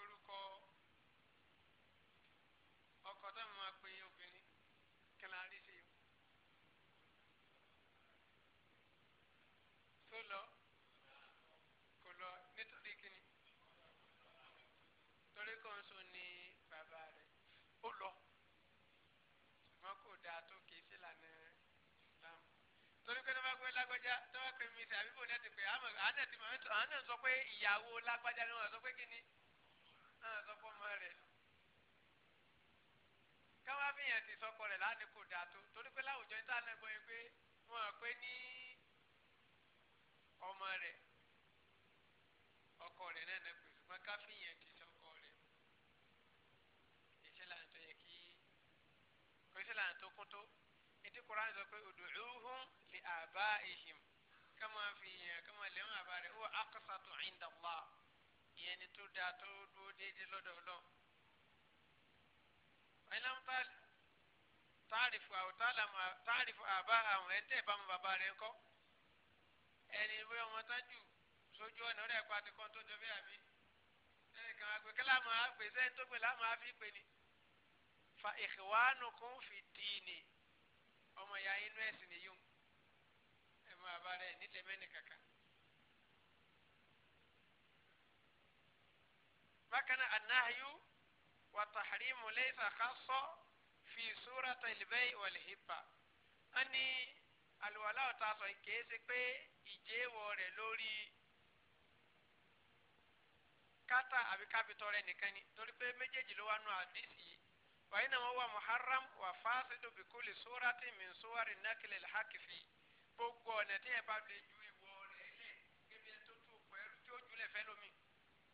torí pé tọ́ba pé lágbájá tọ́ba pé mi tàbí bò lẹ́tì pé àmọ̀ àánà ti mọ̀ ẹ́ntọ́ àánà sọ pé ìyàwó lágbájá ni wọ́n sọ pé kíni náà sọ pé ọmọ rẹ̀ káwá fi yẹn ti sọkọ rẹ̀ láti kò dáa tó torí pé láwùjọ ní táwọn ẹgbọ́n yẹn pé wọ́n pé ní ọmọ rẹ̀ ọkọ rẹ̀ náà nà pé ṣùgbọ́n ká fi yẹn ti sọkọ rẹ̀ ìṣẹ́ làǹtó yẹ kí ìṣẹ́ làǹtó kún tó ètí kura ń sọ pé òdòdó hún li كما kama كما yẹn kama هو àbá عند الله يعني تودا Allah ìyẹn ni tó dáa tó dúró déédéé lọ́dọ̀ ọlọ́run. ẹnlẹ́wọ̀n táàrífù àwọn táàrífù àbá àwọn ẹ̀ ń tẹ̀ ìbámu bàbá rẹ̀ ńkọ́ ẹni bóyá ọmọ tájù sójú ọ̀nà ọ̀rẹ́ ẹ̀kọ́ àti kan tó jọ bẹ́ẹ̀ àbí ẹnìkan àgbẹ̀ kí láàmú àgbè sẹ́yìn tó gbé láàmú àfi pè ní. fa ikhwanukum fi dini ọmọ ìyá inú ẹ̀sìn nìyí ń máa bá rẹ̀ nílẹ̀ mẹ́ni kàkà. bákan náà anahyu wa tahrimu laysa khassa fi surata al-bay' wal-hibba. wọ́n ní àlùwàlá ọ̀tá sọ kìí ṣe pé ìjẹ́wọ̀ rẹ̀ lórí kátà àbí kábitọ̀ rẹ̀ nìkan ni torí pé méjèèjì ló wà nù àdìsí yìí. وإنما هو محرم وفاسد بكل صورة من صور النقل الحق فيه gbogbo ọ̀nà tí ẹ bá lè ju ìwọ rẹ̀ lẹ̀ kébi ẹni tó tó òkú ẹrú tí ó jùlẹ̀ fẹ́ lómi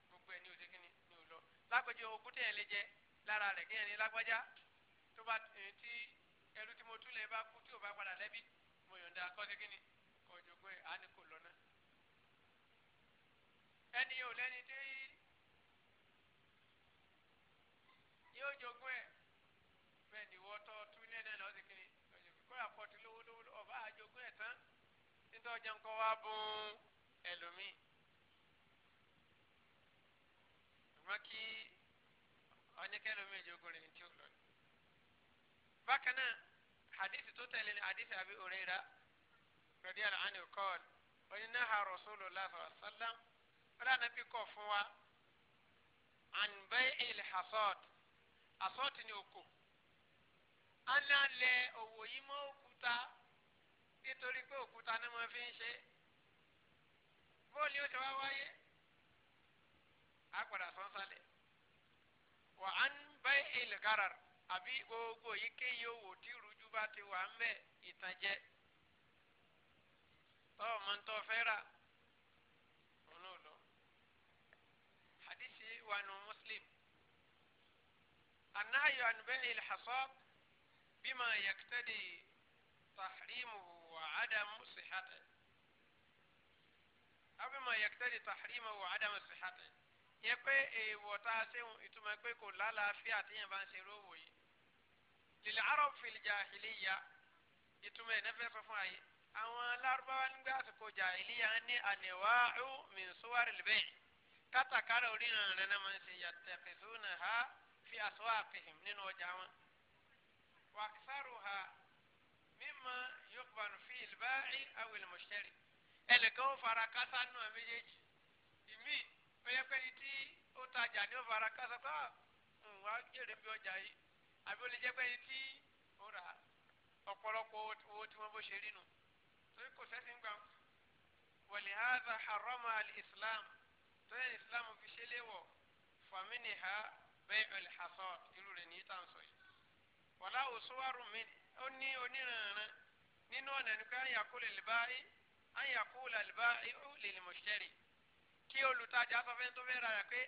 gbogbo ẹ̀ ní òde kínní ní òlọ. lágbèjì ogún tẹ̀ ẹ lè jẹ lára rẹ̀ kí ẹ ní lágbájá tó bá tí ẹrú tí mo túlẹ̀ bá kú tí ò bá padà lẹ́bí mo yọ̀ǹda kọ́sí kínní kọ́ ìjọgbọ́n ẹ̀ á ní kò lọ́nà. ẹni ò lẹ́ni tí yóò jogún ẹ̀ bẹ́ẹ̀ ni wọ́tọ́ túlẹ̀ náà lọ́sí kínní kó tó jẹun kọ́ wá bún ẹlòmíì. ṣùgbọ́n kí ọ̀nìkẹ́lòmíì jókòó rẹ̀ ní tí ó lọ. bákan náà hadith tó tẹ̀lé ni hadith Abi Huraira radiyallahu anhu qala onínáha Rasulullah sallallahu alaihi wasallam ọ̀dà nàbí kọ̀ fún wa an bay'il hasad asọ́ọ̀tì ni oko. ana lẹ òwò yìí mọ́ òkúta nítorí pé òkúta ni wọ́n fi ń ṣe bóòlì ó ti wá wáyé á padà sọ́nsálẹ̀ wà á ń bẹ́ ìlgàrà àbí gbogbo èyíkéyìí owó tí rújú bá ti wà ń bẹ̀ ìtànjẹ tọ́ọ̀ mọ́ ń tọ́ fẹ́ rà òun ò lọ. hadisi wa nu muslim annahi an ilhasab bima yaktadi tahrimuhu. وعدم صحته أو ما يقتضي تحريمه وعدم صحته yẹ pé èèwọ̀ tá a ṣe ìtumọ̀ pé kò lálàáfíà téèyàn bá ń ṣe róòwò yìí lil arab fil jahiliya ìtumọ̀ ìnẹ́fẹ́ sọ fún ayé àwọn lárúbáwá nígbà àsìkò jahiliya ní anwa'u min suwaril bay' kátàkárà oríran rẹ̀ náà máa ń ṣe yattakhidhunaha fi aswaqihim nínú ọjà wọn. wa aktharuha mimma yuqbalu fi al-ba'i aw al-mushtari ẹnìkan ó fara kásá nù ẹ méjèèjì ìmí ó yẹ pé ní tí ó tajà ní fara kásá pé wà á jèrè bí ọjà yìí àbí ó lè jẹ́ pé tí ó rà ọ̀pọ̀lọpọ̀ owó tí wọ́n bó ṣe rí nù torí kò sẹ́sìn gbà wa lihadha harrama al-islam torí islam fi ṣe léwọ̀ faminha bay'u al-hasad irú rẹ̀ ní ìtàn sọ yìí wala suwarun min ó ní oníranran nínú ọ̀nà ni pé àyàkó lè bá àyàkó lè bá lè lè mọ̀ṣẹ́rì kí olùtajà sọ fẹ́ tó fẹ́ rárá pé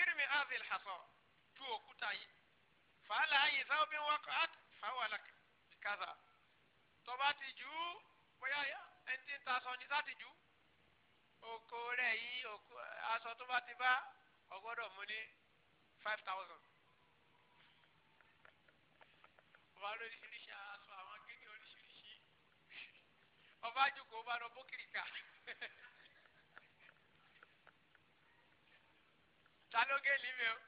irmi azil hasọ tú òkúta yìí fàálà ayé sáwọ́bí wákọ̀ át fàwọ́lá kàzà tọba ti jù ú bóyá ẹni ta aṣọ ni sáti jù ú oko rẹ̀ yìí aṣọ tó bá ti bá ọgbọ́dọ̀ mú ní five thousand. ọba àjòkò ọba lọ bókìrì ká ta ló gé límẹ o.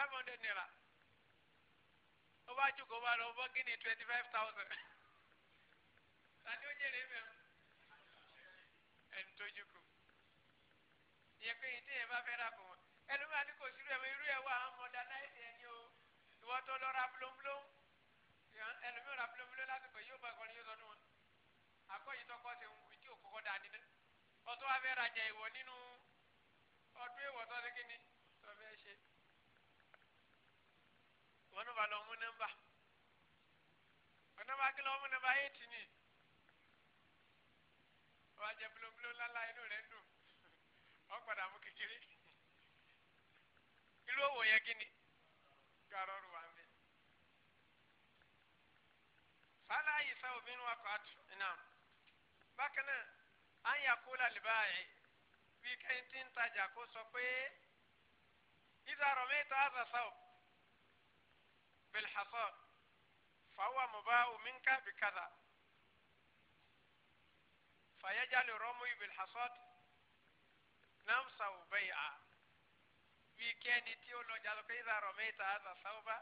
five hundred naira ọba àjòkò ọba lọ bókìrì twenty five thousand. ta ni ó ẹni tó jókòó ìyẹn pé ìdí yẹn bá fẹ́ rà bọ̀ wọ́n ẹlòmíràn ní kò sí irú ẹ̀ irú ẹ̀ wà á mọ̀dá láìsí ẹni o ìwọ tó lọ ra blóńblóń ẹlòmíràn ra blóńblóń lásìkò yóò bá ẹkọrin yóò sọ níwọ̀n akọ́yìn tó kọ́ sẹ́wọ̀n ìdí òkòkò dání ná ọtọ́ wa fẹ́ rajà ìwọ nínú ọdún ìwọ tó ṣe kíni tó fẹ́ ṣe wọn bá lọ mú nọ́mbà ọ̀nà bá kí lọ mú nọ́mbà eight ni wọ́n á jẹ bílóbíló ńláńlá inú rẹ̀ ń dùn wọ́n padà mú kékeré irú òwò yẹn kí ni garọ́rù wa ń bẹ. fàlà àyíṣà obìnrin wa kọ́ àtù náà bákan náà à ń yàkó làlìbá bí kẹ́hìn tí ń tajà kó sọ pé ìdàrọ̀ mẹ́ta àzàṣà ò bẹ̀lẹ̀ xasọ̀ fàwọn mọ̀bá omi ń ká bìkàdà fàyẹ́jálè rọ́mú ibil hasad namsa ubeya bíi kẹ́ni tí ó lọ jalọ pé ìdá rọ̀mẹ́ta àdà sáwọ́bà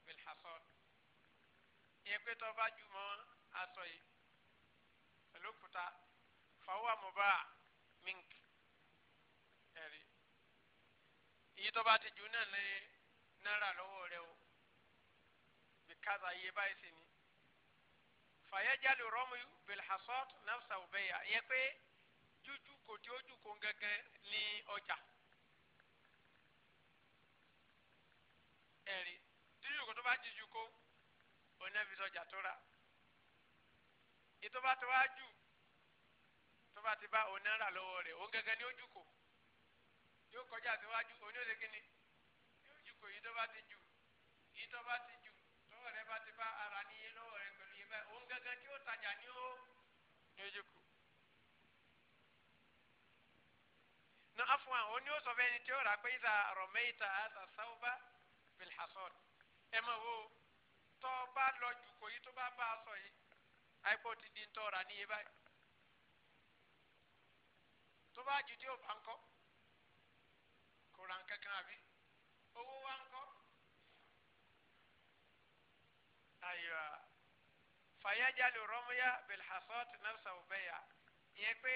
ibil hasad ìyẹn pé tó bá jù mọ́ aṣọ yìí pẹ̀lú kúta fàwọn àmúbá mink ẹ̀rí iye tó bá ti jù náà ní náírà lọ́wọ́ rẹ o bí káza iye báyìí sì ni fàyẹ́jálù rọ́mù bilhasot nafsa òbẹ́yà yẹ pé jújú kò tí ó jù kó gẹ́gẹ́ ní ọjà. ẹ̀rí jújú kò tó bá jújú kó onáfi sọjà tó ra ètò bá tó wá jù tó bá ti bá onára lọ́wọ́ rẹ̀ òun gẹ́gẹ́ ní ojú kò yóò kọjá síwájú oníyóòdè kínní yóò jù kò yìí tó bá ti jù yìí tó bá ti jù tọ́wọ́ rẹ̀ bá ti bá ara níye lọ́wọ́ rẹ̀ fẹ́ òun gangan tí ó tajà ní ó ní ojú kù. na afuwan òun ni ó sọ fẹ́ni tí ó rà pé ìta rọ̀mẹ́ìta àtà sáwùbá filhasson ẹ mọ̀ wo tọ́ bá lọ jù kò yìí tó bá bá a sọ yìí àìpọ̀ ti di ń tọ́ ra níye ó fàyájálù rọmúyá bilhassot nafsa ọbẹyà ìyẹn pé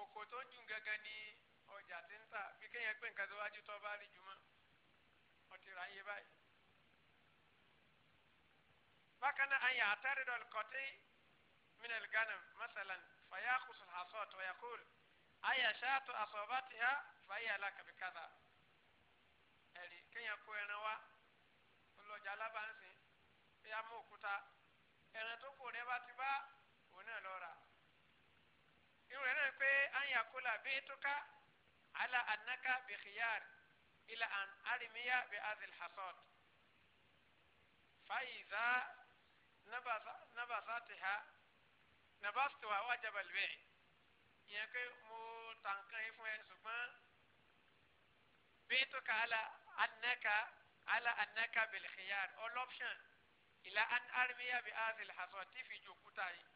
oko tó ń jù gángan ní ọjà tí ń tà bí kéèyàn pé nǹkan tó wájú tó bá rí jùmọ̀ ọtí ra yé báyìí. bákan náà àyà àtàrídọ̀ kọ́tí minel ganam masalan fayakusu hassot wayakul àyà ṣáàtú asọ̀bátìyà fàyà alákàbíkàdà ẹ̀rí kéèyàn kó ẹran wá ọlọ́jà alábàánsìn bí a mú òkúta ẹran tó kù rẹ bá ti bá òun náà lọ rà irú rẹ náà pé anyakola bí tuka ala anaka bí khiyar ila an arimiya bí azil hasad fayiza nabasatiha nabasitiwa wajabal bẹ́ẹ̀ ìyẹn pé mo tànkan yìí fún ẹ ṣùgbọ́n bí tuka ala anaka ala anaka bí khiyar all option ìlà armiya bi azil hasan tí fi jò kúta yìí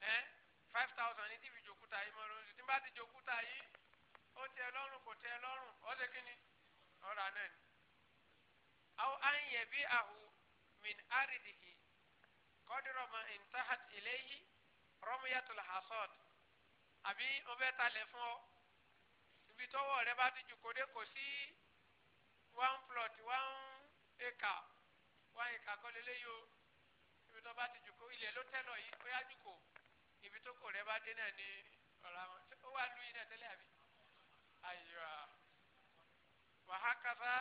ẹ five thousand ní tí fi jò kúta yìí mọ̀rọ̀ oṣù tí n bá ti jò kúta yìí ó tẹ́ lọ́rùn kò tẹ́ lọ́rùn ó ṣe kíni ọ̀rọ̀ àná ni. àwọn àyẹ̀ bí àhù min àrídìhì kọ́dírọ̀ mọ ìntàhàt ìléyìí rọ́mùyàtò hasan àbí ó bẹ́ talẹ̀ fún ọ ibi tọ́wọ́ rẹ bá ti jù kó dé Si, one plot one acre one acre kọ́ lélẹ́ yìí o ibi tó bá ti jòkó ilẹ̀ ló tẹ́lọ̀ yìí ó yá jòkó ibi tó kò rẹ́ bá dé náà ni ọ̀rọ̀ àwọn ó wà lú yìí náà tẹ́lẹ̀ àbí. ayiwa wàhákàtà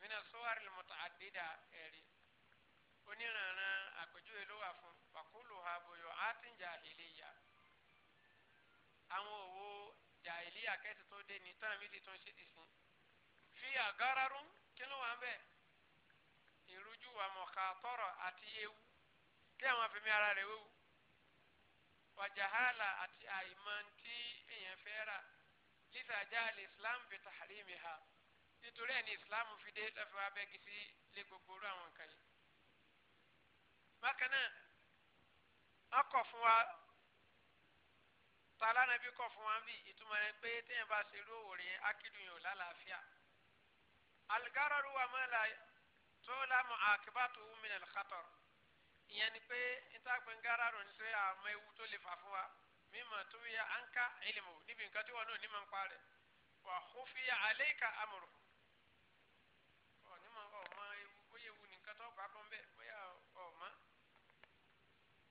mina sọ́wárì lọ́mọ́tà àdédà ẹ̀rí oníranran àpèjúwe ló wà fún wàkúlù ha bòyọ àtìjà ìléyà àwọn òwò jà ìléyà kẹ́sì tó dé ní tọ́nà mi ti tún ṣe ti sìn fi àgárárún kí ló wà ń wa mọ̀ká tọrọ àti ewu kí àwọn afẹ́mi ara rẹ̀ wéwu wàjàhálà àti àìmọ̀ntì èèyàn fẹ́ rà lítàjà lè islam bi tahrimi ha nítorí ẹni islam fi dé lọ́fẹ́ wa bẹ́ẹ̀ kìí sí lé gbogbo orú àwọn nǹkan yìí. bákan náà wọ́n kọ̀ fún wa tààlà nàbí kọ̀ fún wa bí ìtumọ̀ rẹ̀ pé téèyàn bá ṣe irú òwò rẹ̀ ákìlù yìí lálàáfíà. La alikararu wa ma la tó lámù àkíbàtò min al-khatar ìyẹn ni pé ntàgbẹ́ ngararu ní sẹ́ àmọ́ ewu tó lè fà fún wa mímọ̀ anka ilmu níbi nǹkan tí wọn náà nímọ̀ ń parẹ́ wà khufiya alayka amru ọ̀ nímọ̀ ọ̀mọ ewu bóyá ewu nìkan tó bá kọ́ ń bẹ̀ bóyá ọ̀mọ.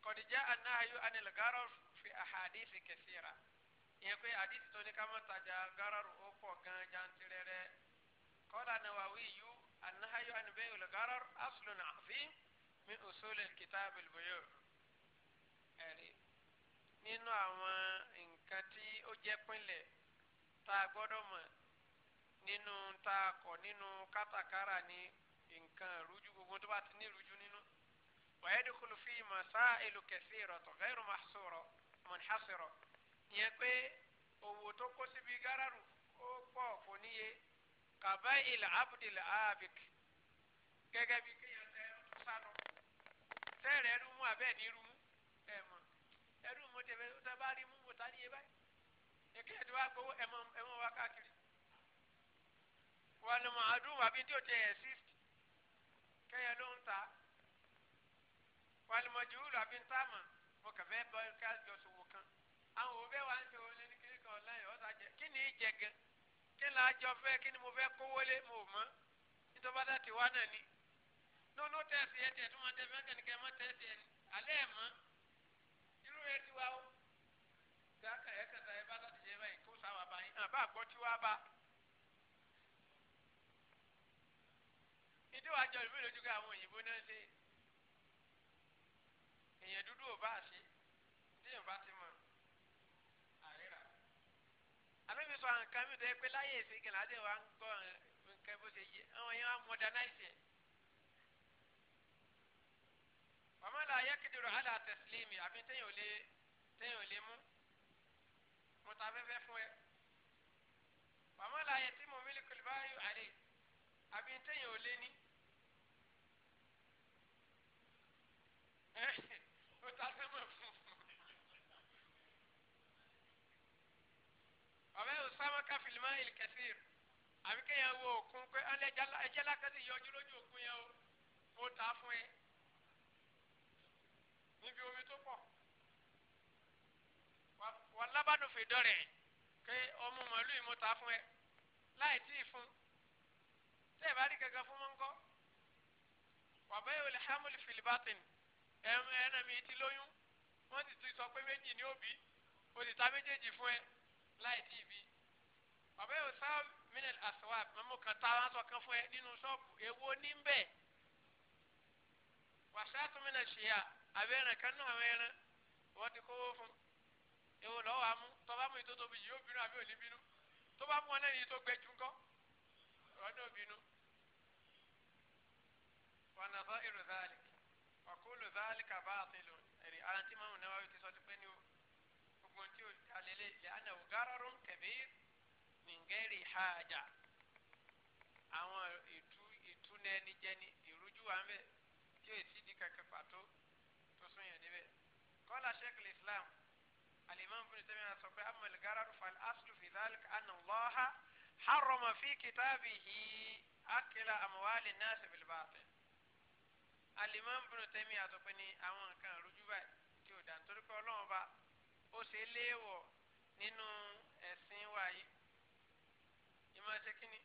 qad jaa an-nahyu anil gharar fi ahadith kathira ìyẹn pé àdìsí tó ní ká mọ̀ tajà gararu o pọ̀ gan jantirẹrẹ. قال النووي النهي عن بيع الغرر أصل عظيم من أصول الكتاب البيوع يعني nínú àwọn nǹkan tí ó jẹ́ pínlẹ̀ tá a gbọ́dọ̀ mọ̀ nínú tá a kọ̀ nínú kátàkárà ní nǹkan rújú gbogbo tó bá ti ní rújú nínú. ويدخل فيه مسائل كثيرة غير محصورة منحصرة ìyẹn pé owó tó kó síbi gáràrú ó pọ̀ kò níye kàfẹ́ ilẹ̀ abdul abik gẹ́gẹ́ bí kéèyàn tẹ ẹrú sánú tẹ́rẹ̀ ẹrú mú abẹ́ ní irú mú ẹ mọ̀ ẹrú mú tẹ tẹ bá rí mú mú ta ní yé báyìí èkéyàn tó bá gbowó ẹmọ ẹmọ wá káàkiri wà lọ́mọ àdúrà bí tí o tẹ ẹ̀ sí ló ń ta walimajulu abi n taama mo kàfẹ́ bọ́ ká jọ sòwò kan àwọn òbí wa ń sòwò lẹ́nu kiri kan ọ̀la yìí ọ̀sà jẹ kí ni í jẹ gan kí n là á jọ fẹ́ kí ni mo fẹ́ kówó lé mo mọ́ nítorí bá dàtí wá náà ni nínú tẹ̀sí ẹ̀ tẹ̀ tó máa tẹ̀ fẹ́ kẹ́nìkẹ́ mọ́ tẹ̀sí ẹ̀ alẹ́ ẹ̀ mọ́ irú rẹ̀ ti wá o dáka ẹ̀ kẹta ẹ̀ bá dàtí jẹ́ báyìí kó sáwà báyìí àbá àgbọ̀ tí wá bá. ìdíwọ̀ àjọ ìlú ìlójú ká àwọn òyìnbó náà ṣe èèyàn dúdú ò bá ṣe tí èèyàn bá ti mọ̀ àbẹ́bí sọ àwọn kan mi tó yẹ pé láyé èsì kan láti wà ń gbọ́ nǹkan bó ṣe yé àwọn yẹn wà modernize yẹn. wàmú la yẹ́kìdìrò àlà tẹ̀sílímì àbí téèyàn ò lè téèyàn ò lè mú mo ta fẹ́fẹ́ fún ẹ. wàmú la yẹ tí mo mílí kùlùbáyò àlè àbí téèyàn ò lè ní. bìlímọ́ ìlkẹ́sìr àbí kéèyàn wo òkun pé ẹjẹ́ lákàtí yọjú lójú òkun yẹn o mo ta fún ẹ níbi omi tó pọ̀ wà lábàdùnfẹ́ dọ́rẹ̀ pé ọmọ màálù yìí mo ta fún ẹ láì tí ì fún tẹ́ ẹ bá rí kankan fún mọ́ńkọ́ wà bẹ́ẹ̀ olè hamil filibatin ẹ̀ẹ́nà mi ti lóyún wọ́n ti sọ pé méjì ní òbí o sì ta méjèèjì fún ẹ láì tí ì bí ọ̀bẹ yóò sá mílẹ̀ àṣewà mọ́mú kan tá a sọ kan fún ẹ nínú ṣọ́ọ̀bù èwo ní bẹ́ẹ̀ wàṣáàtú mílẹ̀ ṣìyà àbẹ̀rẹ̀ kan náà ẹran wọ́n ti kówó fún èwo lọ́wọ́ àmú tọ́ba mú ìtó tóbi yìí bínú àbí òní bínú tó mú ọ lẹ́yìn tó gbẹ jù ńkọ́ ọ̀nà òbínú wọn àtọ́ irú záàlì ọ̀kúlù záàlì kàbá àtìlù ẹ̀rí àrántí mọ́mù náà wáyé ti sọ ti pẹ́ ní o gbogbo tí o dalẹ̀ lẹ́yìn lẹ́yìn àná ògárọ̀rùn kẹ̀míìrì gẹ́rì hajà àwọn ìtú ìtúnẹ́nijẹni ìrújú wa ń bẹ̀ tí ò sì di kankan pàtó tó sún yàn níbẹ̀. kọ́lá sheikh islam alimami bin tẹ́mi sọ pé amal gararu fal aslu fi dhalika anna allaha harrama fi kitabihi akila amwali nasi bil batil. alimami bin tẹ́mi sọ pé ní àwọn nǹkan ìrújú báyìí tí ò dá nítorí pé ọlọ́run bá ó ṣe léèwọ̀ nínú ẹ̀sìn wa ìmọ̀ ṣe kínní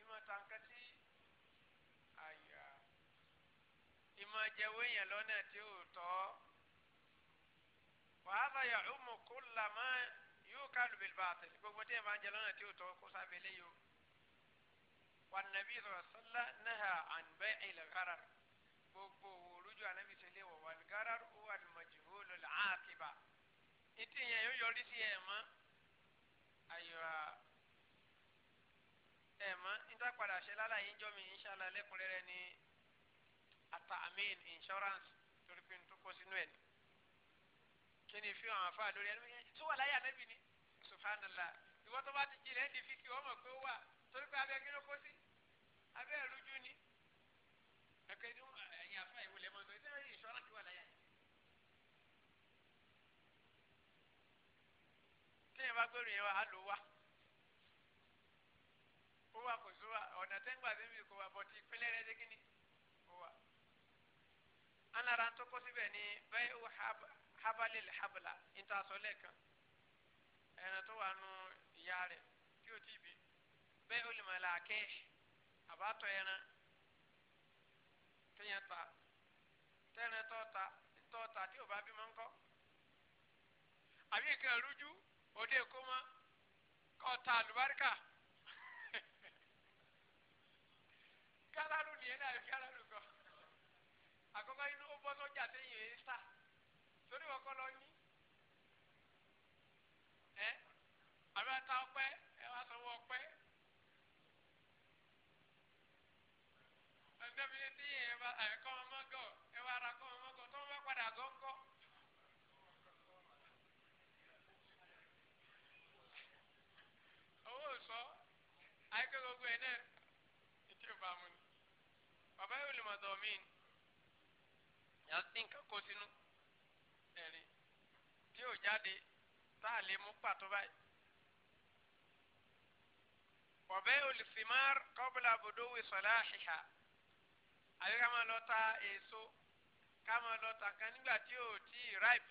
ìmọ̀ tàǹkàtì àyà ìmọ̀ jẹ́wọ́ èèyàn lọ́nà tí ò tọ́ wàhálà yà ọmọ kó lamá yóò ká lùbẹ̀lì bàtà gbogbo tí ẹ̀ máa ń jẹ lọ́nà tí ò tọ́ kó sábẹ́ lé yòó wà nàbí rọ̀ṣálá náà àǹbẹ́ ìlàgàrà gbogbo òwò olójú ànábìsílẹ̀ wọ̀ wà lùgàrà ó wà lùmọ̀jì ó lọ́lá àkìbà ètò yẹn yóò yọrí sí ẹ̀ mọ́ àyọ̀rà ẹ̀ mọ́ níta padà ṣe lálàyé ńjọ́ mi inṣàlá lẹ́kùnrẹ́rẹ́ ní amin insurance torí pé n tó kó sínú ẹ̀ ni kí ni fíwọn àfa lórí ẹni tó wà láyé ànábì ni subhanallah ìwọ́n tó bá ti jìnlẹ̀ ẹ̀ ń di fíkì wọ́n mọ̀ pé ó wà torí pé abẹ́ kí ló kó sí abẹ́ ẹ̀rújú ni ẹ̀kẹ́ ni ẹ̀yìn àfa ìwé. téèyàn bá gbèrò yẹn wá á lò wá ó wà kò sówà ọ̀nà tẹ́ǹgbà tó ń bì kó wà bọ̀tí ìpínlẹ̀ rẹ̀ dégínì ó wà. anara tó kó síbẹ̀ ni bẹ́ẹ̀ ó habalẹ̀ lè habala níta sọ lẹ́ẹ̀kan ẹ̀ràn tó wà nù ìyá rẹ̀ tí ó ti bẹ́ẹ̀ ó lè mọ̀ là kẹ́ àbátọ̀ ẹran téèyàn ta tẹ́ran tọ́ta tọ́ta tí ò bá bímọ ńkọ́ àbí nǹkan rújú òde kó mọ́ kọ́ ta àlùbáríkà gálárù nìyẹn náà gálárù kọ́ àkọ́kọ́ inú ó bọ́ sọ́jà téèyàn èyí sá torí wọn kọ́ lọ ní ẹ àbí ata ọpẹ ẹ wá sanwó ọpẹ ẹnẹ́bí téèyàn ẹ bá ẹ kọ́ ọmọ gọ ẹ wá ra kọ́ ọmọ gọ tó ń àyíké gbogbo ẹ̀ náà ètí ò bá mu ni bàbá yóò lè mọ̀tọ́ mí ni yàrá tí nǹkan kó sínú ẹ̀rí tí ò jáde tá a lè mú pàtó báyìí. wàbẹ́ olùfimár kọ́bùlà bòdó wìsọ̀lá àṣìṣà àbí ká máa lọ ta èso ká máa lọ ta ripe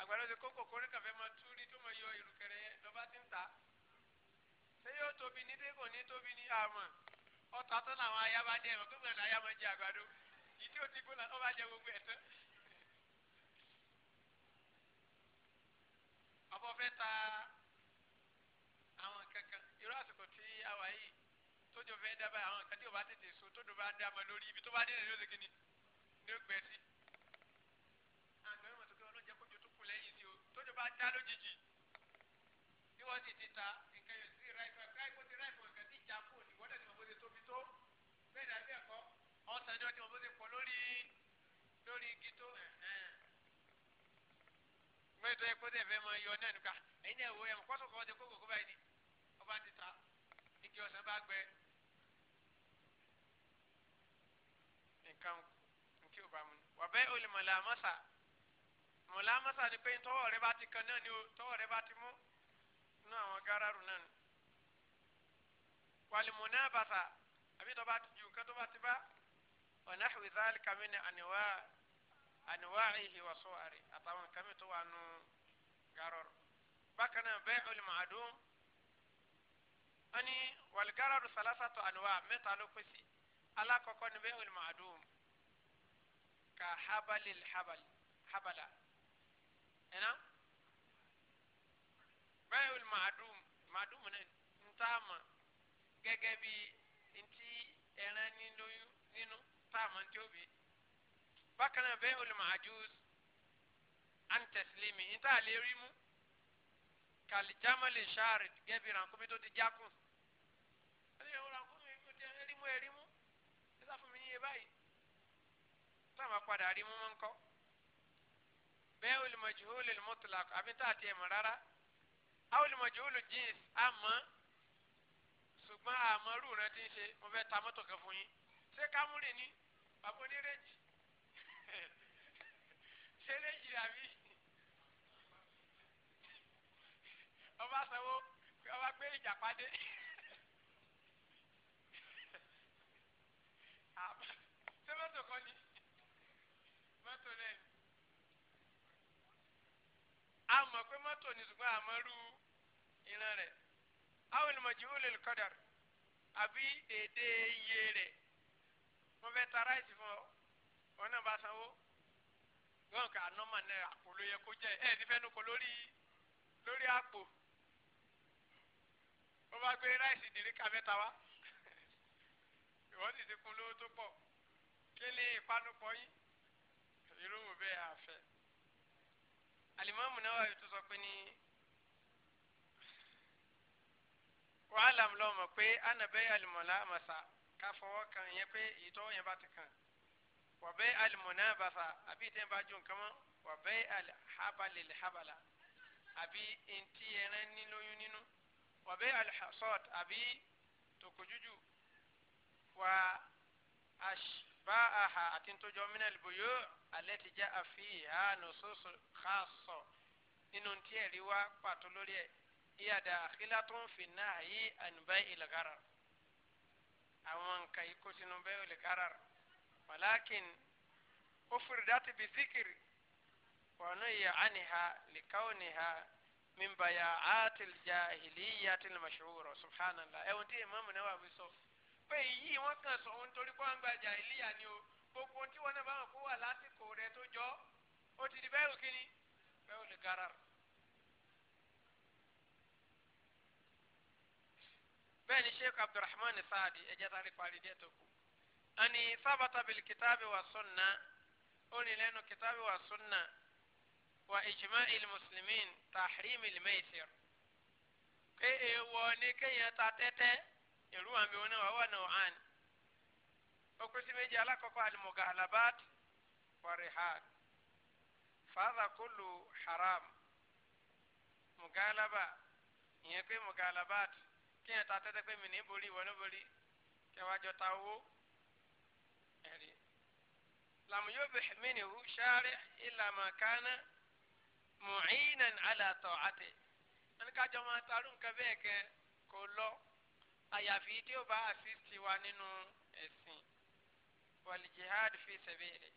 àgbàdo ti kókò kórìkà fẹ́ máa tú rí tó máa yọ ìrùkẹ̀rẹ̀ lọ́ba ti ń ta ṣé yóò tóbi ní dé kò ní tóbi ní àmọ́ ọ̀tá tó làwọn ayaba dé ẹ̀mọ́ gbogbo ẹ̀dá ayaba jẹ àgbàdo yìí tí ó ti gbóná ọba jẹ gbogbo ẹ̀ tán. ọbọ̀ ta àwọn kankan irú àsìkò tí a wà yìí tójó fẹ́ dábàá àwọn nǹkan tí o bá tètè so tójó bá dá ma lórí ibi tó bá dé náà yóò ṣe kíni ní o gbẹ sí. àgbẹ̀ mọ̀tò kí wọn lọ jẹ́ kójú tó kù lẹ́yìn sí o tójó bá dá lójijì tí wọ́n sì ti ta ra ìfọ̀ ẹ̀ka ìfọ̀ ti ra ìfọ̀ ẹ̀ka ti jà kú òní wọ́n dẹ̀ ti mọ̀ bó ṣe tóbi tó bẹ́ẹ̀ dàbí ẹ̀kọ́ ọ̀sán ni wọ́n ti mọ̀ bó ṣe pọ̀ lórí lórí igi tó mẹ́tọ́ ẹ kó tẹ̀ fẹ́ mọ iyọ̀ náà nùkà ẹ̀yin náà wọ ẹ̀mọ́ kọ́sọ̀ kọ́ ọ́ ti kó kókó báyìí ni ọba ti ta igi ọ̀sán bá gbẹ nǹkan nkí pé tọwọ́ rẹ bá ti kan náà ni o tọwọ́ rẹ bá ti mú inú àwọn gáràrú náà ni walimuna basa àbí tó bá ti ju nǹkan tó bá ti bá ọ̀nà ìwìsàlì kàmí ni àníwá àníwá ìhì wà sọ́ọ̀rì àtàwọn nǹkan mi tó wà nù gàrọ̀rọ̀ bákan náà bẹ́ẹ̀ olùmọ̀ àdúm wọ́n ní wàlgàrọ̀rù ni bẹ́ẹ̀ olùmọ̀ ka habali habali habala ẹ̀nà bẹ́ẹ̀ olùmọ̀ àdúm màdúm náà gẹ́gẹ́ bí ntí ẹran ninu ninu tí ó bí bákan náà bẹ́ẹ̀ olùmọ̀ àjùs antẹ̀sílẹ̀mì níta lè rí mú kàlí jámọ́lì sáàrì gẹ́bí rànkúmi tó ti jákùn ẹ̀yìn òun rànkúmi tó ti rí mú ẹ̀rí mú níta fún mi níye báyìí táwọn padà rí mú mọ́ ń kọ́ bẹ́ẹ̀ olùmọ̀ jùhólì mọ́tòlá àbí níta àti ẹ̀mọ́ rárá àwọn olùmọ̀ jùhólì jíǹsì àmọ́ ṣùgbọ́n àmọ́rù rẹ ti ń ṣe mo fẹ́ ta mọ́tò kan fún yín ṣé kámúrì ni bàbá onírèjì ṣé léjì àbí ọba sanwó ọba gbé ìjà padé ṣé mọ́tò kan ni mọ́tò lẹ́nu a mọ̀ pé mọ́tò ni ṣùgbọ́n àmọ́rù ìran rẹ̀ àwọn ènìyàn jù ú lè lè kọ́ dàrú àbí dèédé iye rẹ̀ wọ́n fẹ́ ta ráìsì fún ọ wọn náà bá sanwó wọn kà nọ́mà náà àpò ló yẹ kó jẹ ẹ ní fẹ́ẹ́ nukọ lórí lórí àpò wọ́n bá gbé ráìsì dèríkà mẹ́ta wá ìwọ́n sì ti kún lówó tó pọ̀ kele ìpanupọ̀ yín irú wo bẹ́ẹ̀ àfẹ́ náà wà tó sọ pé ní. wàhálàm lọ́mọ pé ànàbẹ́ àlùmọ̀lá àmàṣà ká fọwọ́ kan yẹn pé ìtọ́ yẹn bá ti kàn wàbẹ́ àlùmọ̀nà àbàṣà àbí ìtẹ́ bá jó nǹkan mọ́ wàbẹ́ àlùhábàlẹ̀ hábàlà àbí ntí ẹran ní lóyún nínú wàbẹ́ àlùhàṣọ́t àbí tòkòjújù wà àṣbáàhà àti ntọ́jọ́ mìíràn lùbọ̀yọ́ alẹ́ ti já àfihàn nùsọ̀sọ̀ káàsọ̀ nínú ntí ẹ̀rí wá pàtó lórí ẹ̀ hiya dakhilatun fi nahyi an bai'il gharar àwọn nǹkan yìí kó sínú bai'il gharar walakin ufridat bi dhikri wa nuhiya anha likawniha min bay'ati al-jahiliyyati al-mashhura subhanallah ẹ̀wọ̀n tí ìmáàmù náà wà wí sọ pé èyí wọn kàn sọ ohun torí pé wọn gba jahiliya ni o gbogbo tí wọn náà bá wọn kó wà lásìkò rẹ tó jọ ó ti di bai'u kínní bai'il gharar. bẹ́ẹ̀ ni sheikh abdulrahman saadi ẹ̀jẹ̀ tari parí díẹ̀ tó kù. ani sábàtà bil kitabi wa sunna ó ní lẹ́nu kitabi wa sunna wa ijma il muslimin tahrim il maisir. pé èèwọ̀ ni kéèyàn ta tẹ́tẹ́ ìlú àmì wọn náà wà wà náà àn. ó kú sí méjì alákọ̀ọ́kọ́ alimoga alabat warihad. fàdà kúlù haram mugalaba ìyẹn pé mugalabat. kí ẹ̀ ta tẹ́tẹ́ pé mi ní borí ìwọ ní borí kí ẹ wá jọ ta owó ẹ̀rí. làmú yóò bẹ̀ mí ni hu sáré ìlànà kánà mu'inan ala ta'ati wọn ká jọ máa tarú nǹkan bẹ́ẹ̀ kẹ kó lọ àyàfi tí ó bá assist wa nínú ẹ̀sìn wal jihad fi sabili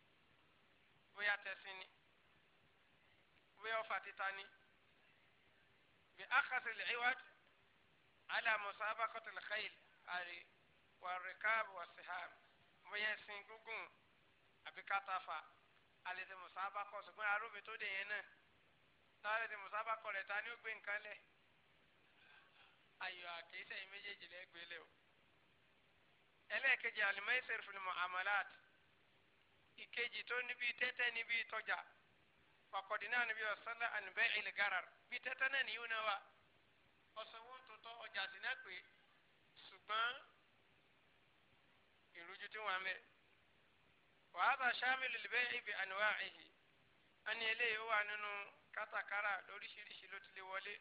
bóyá tẹ̀sìn ni bóyá ọ̀fà títa ni bí akhas al-iwad ala musabaqatil khayl àrí warikab wasiham bóyá ẹṣin gúngùn àbí kátàfà àlèsè musabakọ ṣùgbọ́n arúgbó tó dé yẹn náà táwọn ẹsẹ musabakọ rẹ ta ni ó gbé nǹkan lẹ ayọ àkèésẹ yìí méjèèjì lẹ gbé lẹ o ẹlẹ́ẹ̀kejì alimẹ́sẹ̀rì fún mi amalat ìkejì tó níbi tẹ́tẹ́ níbi tọ́jà wakọ̀dínà níbi ọ̀sánlá ànibẹ́ ìlgarar bí tẹ́tẹ́ náà nìyí náà wa ọ̀sánwó ọjà sí náà pé ṣùgbọ́n ìrújú tí wọ́n mẹ́. wàhálà sàmìlì lè bẹ́ẹ̀ ibi àníwá ìhì á ní eléyìí ó wà nínú kátàkárà lóríṣiríṣi ló ti lè wọlé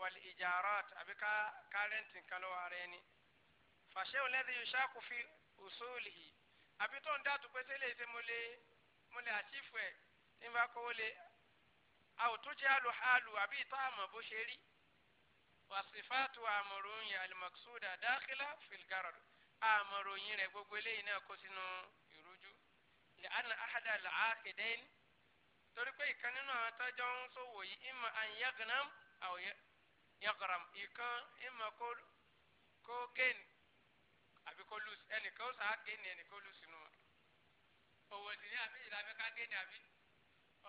wàlì ìjàrát àbí ká kárẹ́ǹtì nǹkan lọ́wọ́ ara ẹni. fàṣẹ́wò lẹ́dí yóò ṣàkófì òṣòlì yìí àbí tó ń dàtú pé tẹ́lẹ̀ tí mo lè mo ẹ̀ tí bá kówó lé àwòtúnjẹ́ àlùhálù àbí ìtọ́ bó ṣe rí wasifatu amòròyìn alimaksuda dákìlá filgarod amòròyìn rẹ gbogbo eléyìí náà kó sínú ìrújú lè ana ahada la ahidẹ́ni torí pé ìkan nínú àwọn tọ́jọ́ ń sòwò yìí ìmọ̀ àn yagnam àwò yagram ìkan ìmọ̀ kó kó gẹ́ni àbí kó lùs ẹnìkan ó sàá gẹ́ni ẹnìkan ó lùs nù owó sì ní àbí ìlà fẹ́ ká gẹ́ni àbí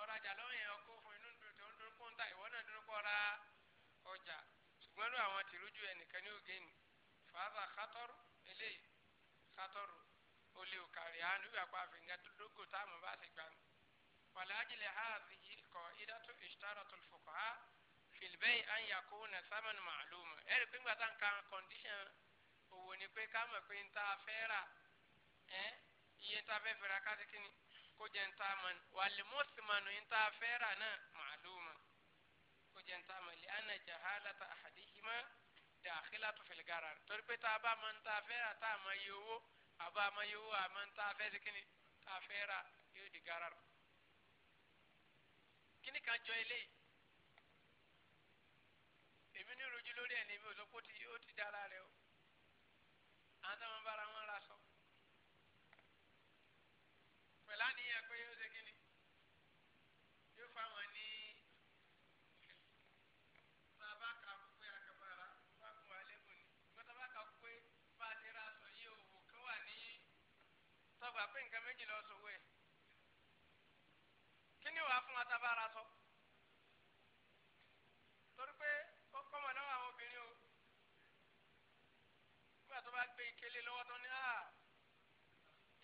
ọ̀rajà lọ́wọ́ yẹn kó fún inú dùn tó ń dúró kó ń ta ìwọ náà dúró kó ra ọjà ṣùgbọ́n ló àwọn tìrújú ẹnìkan ní ògè ni fàáza xatọ́rù eléyìí xatọ́rù olè òkàrí àánú ìgbàgbọ́ àfẹnjá dógò táàmù bá ti gbà mí. wàlájìlẹ̀ hàzì yìí kọ́ ìdátò ìṣtárọ̀tò fòkà fìlbẹ́yì ànyàkó na sámán màlúmù. ẹ̀rì pé ńgbà tán kan kọ́ndíṣàn òwò ni pé ká mọ̀ pé ń ta fẹ́ rà iye ń ta fẹ́ fẹ́ ra kásìkínì kó jẹ́ ń ta mọ̀ wàlímọ́sì mọ̀ ń ta fẹ́ náà màlúmù jẹ́ ń táàmù lé ana jahalata ahadihima dakhilatu fil garar torí pé tá a bá máa ń ta fẹ́ ra tá a máa yẹ owó a bá a máa yẹ owó a máa ń ta fẹ́ sí di garar. kíni kan jọ eléyìí èmi ní rojú lórí ẹ̀ mi ò sọ pé ó ti dára rẹ o àwọn táwọn bára wọn ra sọ pẹ̀lú àníyàn pé yóò pé nǹkan méjì lọ sòwò ẹ̀ kí ni wàá fún wa tá a bá ra sọ torí pé ó kọ́mọ lọ́wọ́ àwọn obìnrin o nígbà tó bá gbé ìkélé lọ́wọ́ tó ní à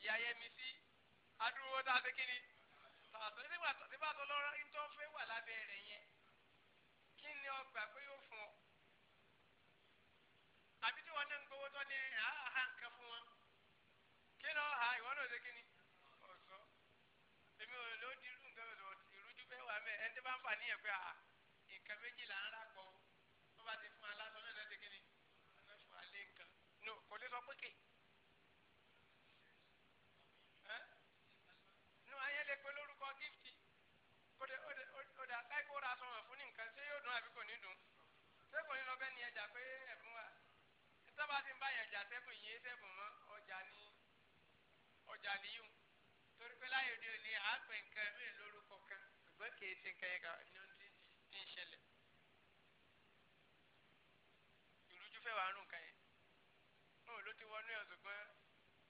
ìyá yẹmi sí adúrówó tá a ṣe kí ni tààtò nígbà tó ti bá tó lọ́rọ́ ní tó fẹ́ wà lábẹ́ rẹ̀ yẹn kí ni ọgbà pé yóò fún ọ àbí tí wọ́n ní ń gbowó tó ní àhà nǹkan fún wọn ṣé lọ ha ìwọ náà ṣe kíni ọ̀sọ́ èmi ò ló di irú nǹkan ọ̀sọ́ ìrújú bẹ́ẹ̀ wà mẹ́ ẹni tí bá ń fà níyẹn pé à ah, nǹkan méjì là ń rà pọ̀ o tó bá ti fún wa lásán náà ṣe kíni ọ̀nà fún wa lé nǹkan no kò lè sọ pé kè nù ayé lè pe lórúkọ gíftì kò dé ó dà láì kó ra sọ̀rọ̀ fún nǹkan ṣé yóò dùn àbí kò ní dùn ṣé kò ní lọ bẹ́ẹ̀ ni ẹja pé ẹ̀bùn wa tábà ti ń bá yẹn jà sẹ́kùn yìí sẹ́kùn mọ́ ọjà ni kọjá níyùn torí pé láyé òde òní àgbẹ̀ nǹkan mí lórúkọ kan ṣùgbọ́n kì í ṣe nǹkan yẹn kan ní ohun tí ń ṣẹlẹ̀ ìrújú fẹ́ wàá nù nǹkan yẹn náà ló ti wọnú ẹ̀ ṣùgbọ́n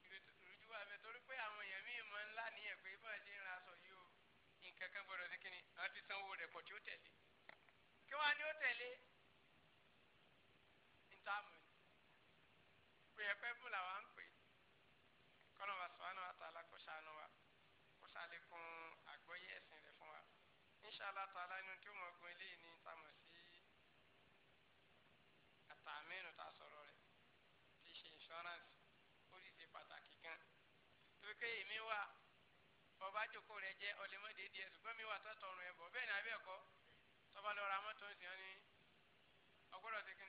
ìrújú wà bẹ́ẹ̀ torí pé àwọn èèyàn míì mọ ńlá níyẹn pé bọ́ọ̀ ṣe ń ra aṣọ yìí o nǹkan kan gbọ́dọ̀ sí kíni àwọn ti sanwó rẹ̀ pọ̀ tí ó tẹ̀lé kí wọ́n á ní ó tẹ̀lé ń tá a pé ẹ̀pẹ́ fún làwọn inshallah ta'ala inú tí ó mọ̀ gun eléyìí ní tamọ̀ sí àtàmínú tá a sọ̀rọ̀ rẹ̀ tí ṣe insurance ó sì ṣe pàtàkì gan. torí pé èmi wà ọba àjòkó rẹ jẹ́ ọ̀lẹ́mọ̀dé díẹ̀ ṣùgbọ́n mi wà tọ́tọ̀rùn ẹ̀bọ̀ bẹ́ẹ̀ ni abẹ́ẹ̀kọ́ tọ́ba lọ ra mọ́tò ń sìn ọ́ ní ọgbọ́dọ̀ ṣe kí